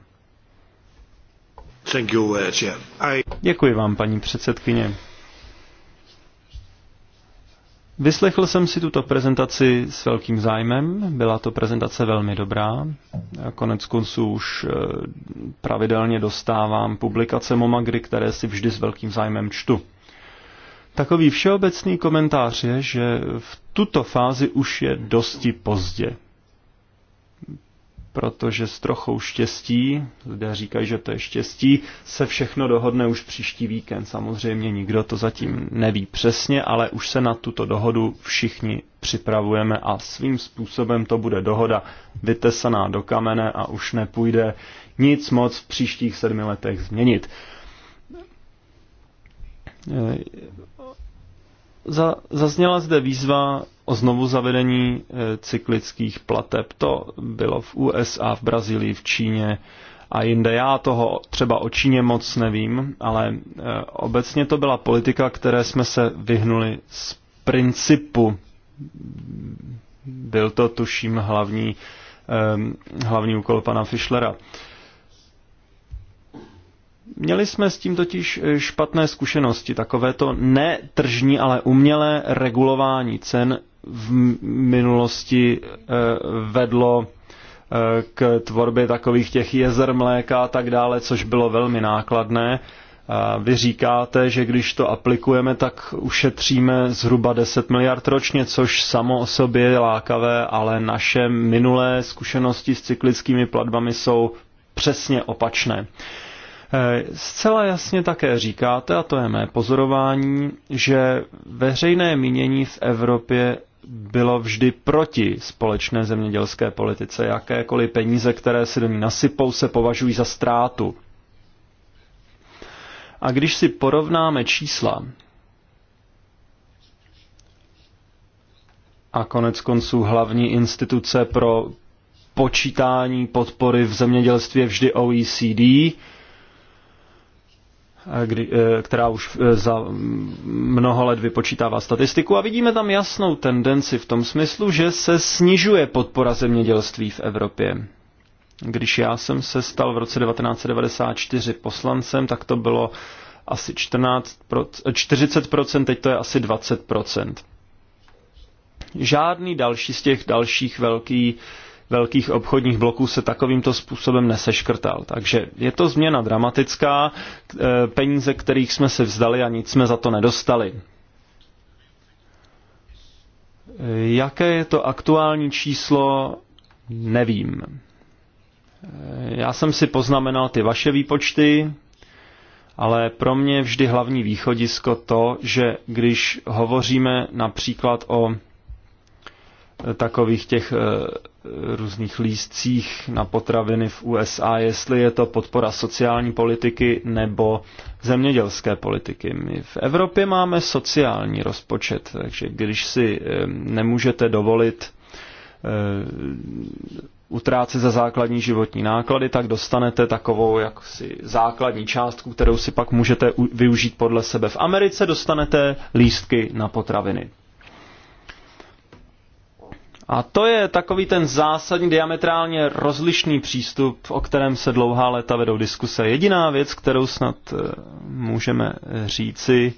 Thank you, eh, Děkuji vám, paní předsedkyně. Vyslechl jsem si tuto prezentaci s velkým zájmem, byla to prezentace velmi dobrá. Konec konců už eh, pravidelně dostávám publikace Momagry, které si vždy s velkým zájmem čtu. Takový všeobecný komentář je, že v tuto fázi už je dosti pozdě protože s trochou štěstí, lidé říkají, že to je štěstí, se všechno dohodne už příští víkend. Samozřejmě nikdo to zatím neví přesně, ale už se na tuto dohodu všichni připravujeme a svým způsobem to bude dohoda vytesaná do kamene a už nepůjde nic moc v příštích sedmi letech změnit. Za, zazněla zde výzva o znovu zavedení eh, cyklických plateb. To bylo v USA, v Brazílii, v Číně a jinde. Já toho třeba o Číně moc nevím, ale eh, obecně to byla politika, které jsme se vyhnuli z principu. Byl to, tuším, hlavní, eh, hlavní úkol pana Fischlera. Měli jsme s tím totiž eh, špatné zkušenosti, takové to netržní, ale umělé regulování cen v minulosti eh, vedlo eh, k tvorbě takových těch jezer mléka a tak dále, což bylo velmi nákladné. Vy říkáte, že když to aplikujeme, tak ušetříme zhruba 10 miliard ročně, což samo o sobě je lákavé, ale naše minulé zkušenosti s cyklickými platbami jsou přesně opačné. Eh, zcela jasně také říkáte, a to je mé pozorování, že veřejné mínění v Evropě bylo vždy proti společné zemědělské politice. Jakékoliv peníze, které se do ní nasypou, se považují za ztrátu. A když si porovnáme čísla, a konec konců hlavní instituce pro počítání podpory v zemědělství je vždy OECD, kdy, e, která už e, za mnoho let vypočítává statistiku a vidíme tam jasnou tendenci v tom smyslu, že se snižuje podpora zemědělství v Evropě. Když já jsem se stal v roce 1994 poslancem, tak to bylo asi 14%, 40%, teď to je asi 20%. Žádný další z těch dalších velkých velkých obchodních bloků se takovýmto způsobem neseškrtal. Takže je to změna dramatická, e, peníze, kterých jsme se vzdali a nic jsme za to nedostali. E, jaké je to aktuální číslo, nevím. E, já jsem si poznamenal ty vaše výpočty, ale pro mě vždy hlavní východisko to, že když hovoříme například o takových těch různých lístcích na potraviny v USA, jestli je to podpora sociální politiky nebo zemědělské politiky. My v Evropě máme sociální rozpočet, takže když si eh, nemůžete dovolit eh, utrácet za základní životní náklady, tak dostanete takovou jaksi základní částku, kterou si pak můžete využít podle sebe. V Americe dostanete lístky na potraviny. A to je takový ten zásadní diametrálně rozlišný přístup, o kterém se dlouhá léta vedou diskuse. Jediná věc, kterou snad eh, můžeme eh, říci,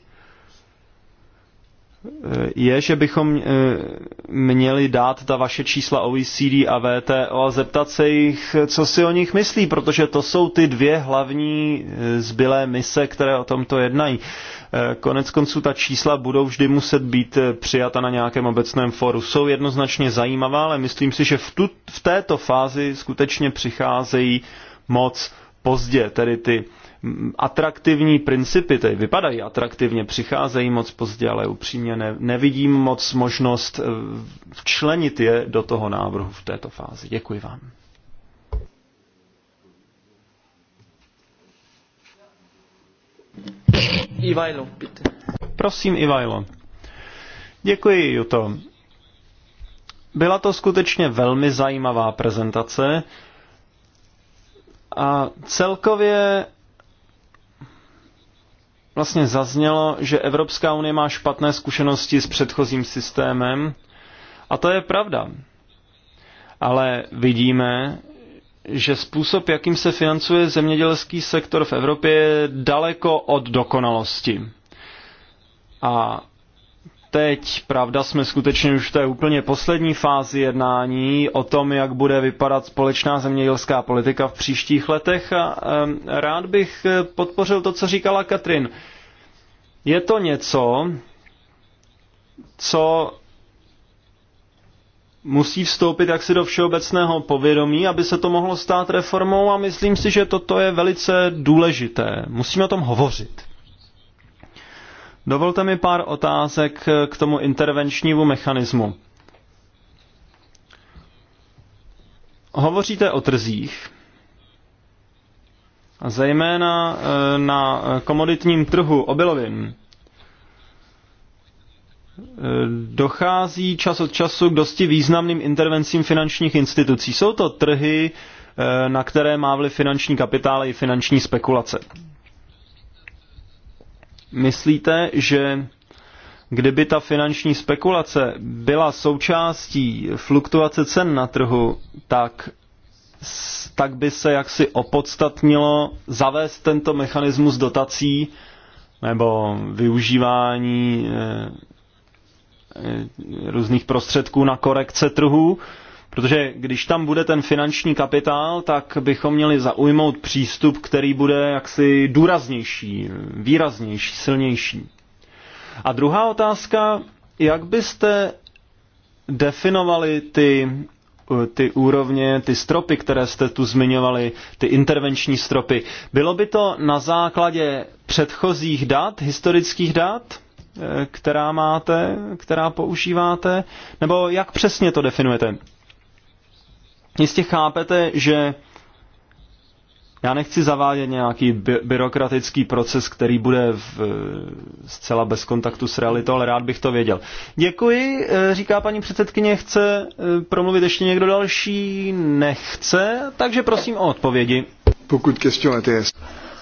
eh, je, že bychom měli dát ta vaše čísla OECD a VTO a zeptat se jich, co si o nich myslí, protože to jsou ty dvě hlavní zbylé mise, které o tomto jednají. Eh, konec konců ta čísla budou vždy muset být eh, přijata na nějakém obecném foru. Jsou jednoznačně zajímavá, ale myslím si, že v, tu, v této fázi skutečně přicházejí moc pozdě, tedy ty mm, atraktivní principy, tedy vypadají atraktivně, přicházejí moc pozdě, ale upřímně ne, nevidím moc možnost eh, včlenit je do toho návrhu v této fázi. Děkuji vám. Ivajlo, bitte. Prosím, Ivajlo. Děkuji, Juto. Byla to skutečně velmi zajímavá prezentace a celkově vlastně zaznělo, že Evropská unie má špatné zkušenosti s předchozím systémem a to je pravda. Ale vidíme, že způsob, jakým se financuje zemědělský sektor v Evropě, je daleko od dokonalosti. A teď, pravda, jsme skutečně už v té úplně poslední fázi jednání o tom, jak bude vypadat společná zemědělská politika v příštích letech. A, rád bych podpořil to, co říkala Katrin. Je to něco, co musí vstoupit jaksi do všeobecného povědomí, aby se to mohlo stát reformou a myslím si, že toto je velice důležité. Musíme o tom hovořit. Dovolte mi pár otázek k tomu intervenčnímu mechanismu. Hovoříte o trzích, a zejména eh, na komoditním trhu obilovin Eh, dochází čas od času k dosti významným intervencím finančních institucí. Jsou to trhy, eh, na které má vliv finanční kapitál i finanční spekulace. Myslíte, že kdyby ta finanční spekulace byla součástí fluktuace cen na trhu, tak, tak by se jaksi opodstatnilo zavést tento mechanismus dotací nebo využívání eh, Eh, různých prostředků na korekce trhů, protože když tam bude ten finanční kapitál, tak bychom měli zaujmout přístup, který bude jaksi důraznější, výraznější, silnější. A druhá otázka, jak byste definovali ty, ty úrovně, ty stropy, které jste tu zmiňovali, ty intervenční stropy? Bylo by to na základě předchozích dat, historických dat? která máte, která používáte, nebo jak přesně to definujete? Jistě chápete, že já nechci zavádět nějaký by- byrokratický proces, který bude v, zcela bez kontaktu s realitou, ale rád bych to věděl. Děkuji, eh, říká paní předsedkyně, chce eh, promluvit ještě někdo další? Nechce, takže prosím o odpovědi. Pokud je.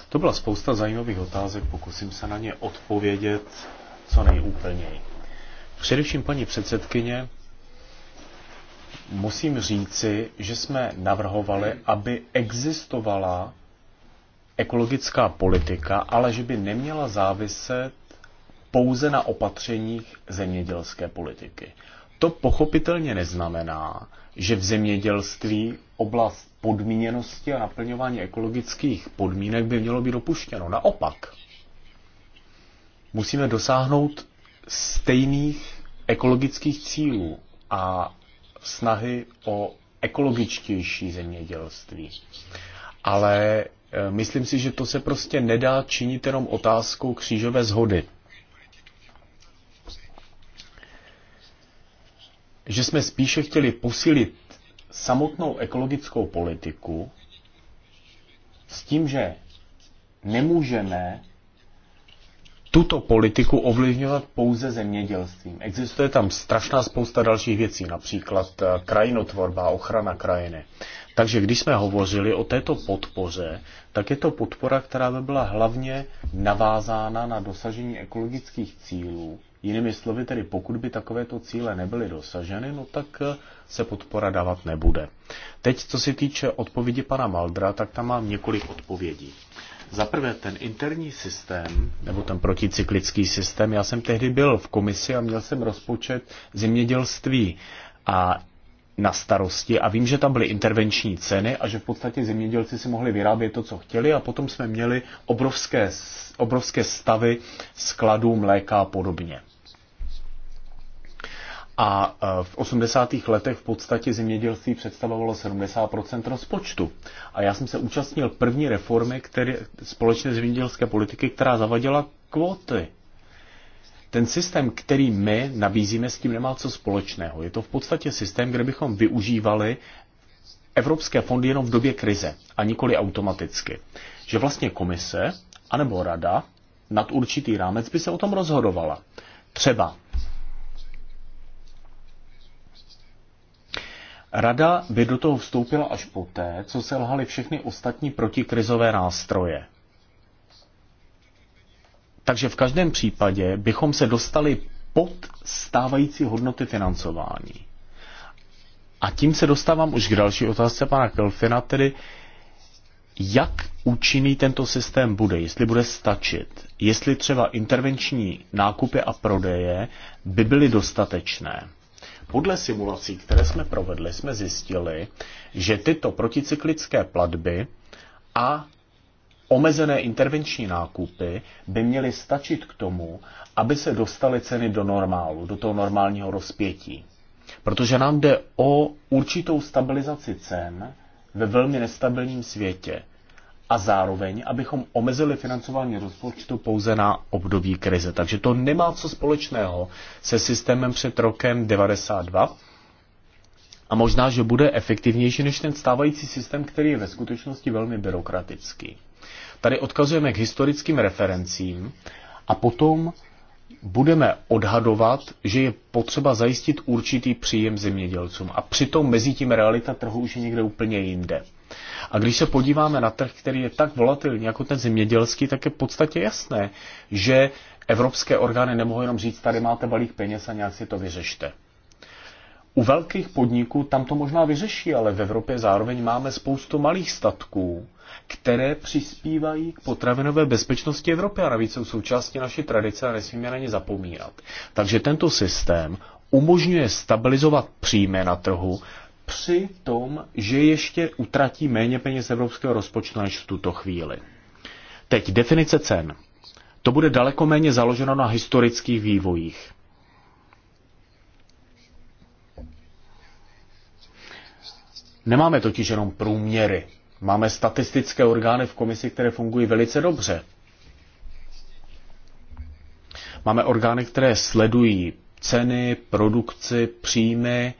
To byla spousta zajímavých otázek, pokusím se na ně odpovědět co nejúplněji. Především paní předsedkyně, musím říci, že jsme navrhovali, aby existovala ekologická politika, ale že by neměla záviset pouze na opatřeních zemědělské politiky. To pochopitelně neznamená, že v zemědělství oblast podmíněnosti a naplňování ekologických podmínek by mělo být dopuštěno. Naopak, musíme dosáhnout stejných ekologických cílů a snahy o ekologičtější zemědělství. Ale e, myslím si, že to se prostě nedá činit jenom otázkou křížové zhody. Že jsme spíše chtěli posilit samotnou ekologickou politiku s tím, že nemůžeme tuto politiku ovlivňovat pouze zemědělstvím. Existuje tam strašná spousta dalších věcí, například eh, krajinotvorba, ochrana krajiny. Takže když jsme hovořili o této podpoře, tak je to podpora, která by byla hlavně navázána na dosažení ekologických cílů. Jinými slovy, tedy pokud by takovéto cíle nebyly dosaženy, no tak eh, se podpora dávat nebude. Teď, co se týče odpovědi pana Maldra, tak tam mám několik odpovědí. Za prvé, ten interní systém, nebo ten proticyklický systém, já jsem tehdy byl v komisi a měl jsem rozpočet zemědělství a na starosti a vím, že tam byly intervenční ceny a že v podstatě zemědělci si mohli vyrábět to, co chtěli a potom jsme měli obrovské, obrovské stavy skladů mléka a podobně. A e, v 80. letech v podstatě zemědělství představovalo 70% rozpočtu. A já jsem se účastnil první reformy které, společné zemědělské politiky, která zavadila kvóty. Ten systém, který my nabízíme, s tím nemá co společného. Je to v podstatě systém, kde bychom využívali evropské fondy jenom v době krize a nikoli automaticky. Že vlastně komise anebo rada nad určitý rámec by se o tom rozhodovala. Třeba Rada by do toho vstoupila až poté, co lhaly všechny ostatní protikrizové nástroje. Takže v každém případě bychom se dostali pod stávající hodnoty financování. A tím se dostávám už k další otázce pana Kelfina, tedy jak účinný tento systém bude, jestli bude stačit, jestli třeba intervenční nákupy a prodeje by byly dostatečné. Podle simulací, které jsme provedli, jsme zjistili, že tyto proticyklické platby a omezené intervenční nákupy by měly stačit k tomu, aby se dostaly ceny do normálu, do toho normálního rozpětí. Protože nám jde o určitou stabilizaci cen ve velmi nestabilním světě a zároveň, abychom omezili financování rozpočtu pouze na období krize. Takže to nemá co společného se systémem před rokem 92 a možná, že bude efektivnější než ten stávající systém, který je ve skutečnosti velmi byrokratický. Tady odkazujeme k historickým referencím a potom budeme odhadovat, že je potřeba zajistit určitý příjem zemědělcům. A přitom mezi tím realita trhu už je někde úplně jinde. A když se podíváme na trh, který je tak volatilní jako ten zemědělský, tak je v podstatě jasné, že evropské orgány nemohou jenom říct, tady máte balík peněz a nějak si to vyřešte. U velkých podniků tam to možná vyřeší, ale v Evropě zároveň máme spoustu malých statků, které přispívají k potravinové bezpečnosti Evropy a navíc jsou součástí naší tradice a nesmíme na ně zapomínat. Takže tento systém umožňuje stabilizovat příjmy na trhu při tom, že ještě utratí méně peněz evropského rozpočtu než v tuto chvíli. Teď definice cen. To bude daleko méně založeno na historických vývojích. Nemáme totiž jenom průměry. Máme statistické orgány v komisi, které fungují velice dobře. Máme orgány, které sledují ceny, produkci, příjmy,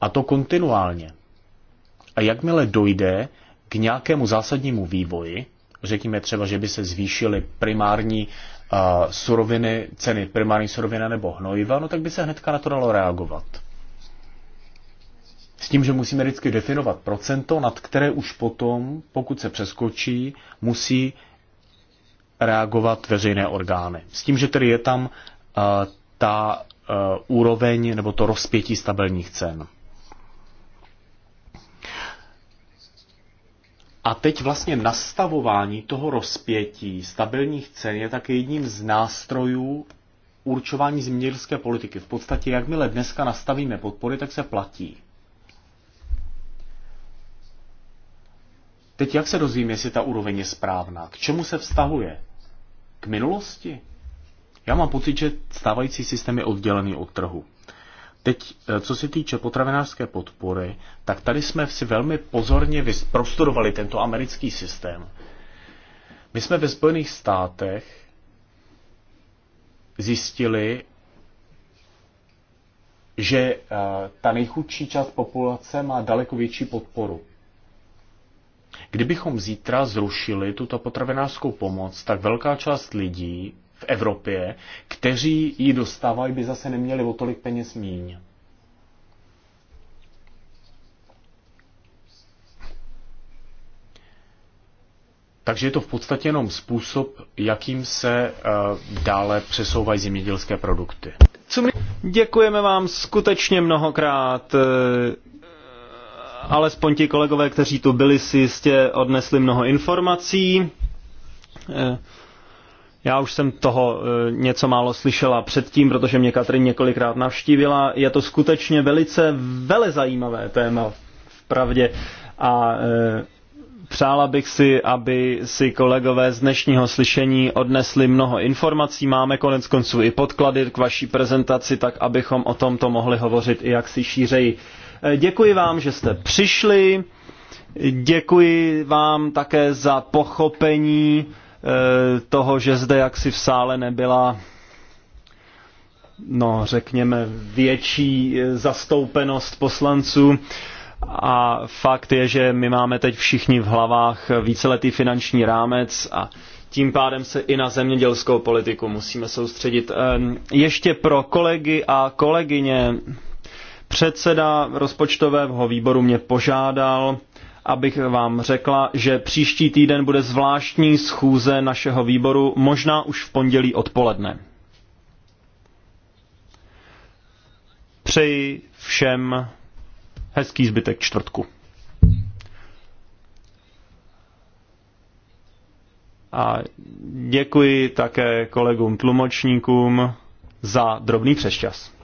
a to kontinuálně. A jakmile dojde k nějakému zásadnímu vývoji, řekněme třeba, že by se zvýšily primární uh, suroviny, ceny primární surovina nebo hnojiva, no tak by se hnedka na to dalo reagovat. S tím, že musíme vždycky definovat procento, nad které už potom, pokud se přeskočí, musí reagovat veřejné orgány. S tím, že tedy je tam uh, ta uh, úroveň nebo to rozpětí stabilních cen. A teď vlastně nastavování toho rozpětí stabilních cen je také jedním z nástrojů určování zemědělské politiky. V podstatě, jakmile dneska nastavíme podpory, tak se platí. Teď jak se dozvím, jestli ta úroveň je správná? K čemu se vztahuje? K minulosti? Já mám pocit, že stávající systém je oddělený od trhu. Teď, eh, co se týče potravinářské podpory, tak tady jsme si velmi pozorně prostudovali tento americký systém. My jsme ve Spojených státech zjistili, že eh, ta nejchudší část populace má daleko větší podporu. Kdybychom zítra zrušili tuto potravinářskou pomoc, tak velká část lidí v Evropě, kteří ji dostávají, by zase neměli o tolik peněz míň. Takže je to v podstatě jenom způsob, jakým se uh, dále přesouvají zemědělské produkty. Co my Děkujeme vám skutečně mnohokrát. Eh, alespoň ti kolegové, kteří tu byli, si jistě odnesli mnoho informací. Eh, já už jsem toho eh, něco málo slyšela předtím, protože mě Katrin několikrát navštívila. Je to skutečně velice vele zajímavé téma, v pravdě A eh, Přála bych si, aby si kolegové z dnešního slyšení odnesli mnoho informací. Máme konec konců i podklady k vaší prezentaci, tak abychom o tomto mohli hovořit i jaksi šířeji. Eh, děkuji vám, že jste přišli. Děkuji vám také za pochopení Eh, toho, že zde jaksi v sále nebyla no řekněme větší eh, zastoupenost poslanců. A fakt je, že my máme teď všichni v hlavách víceletý finanční rámec a tím pádem se i na zemědělskou politiku musíme soustředit. Ehm, ještě pro kolegy a kolegyně. Předseda rozpočtového výboru mě požádal, abych vám řekla, že příští týden bude zvláštní schůze našeho výboru, možná už v pondělí odpoledne. Přeji všem hezký zbytek čtvrtku. A děkuji také kolegům tlumočníkům za drobný přesčas.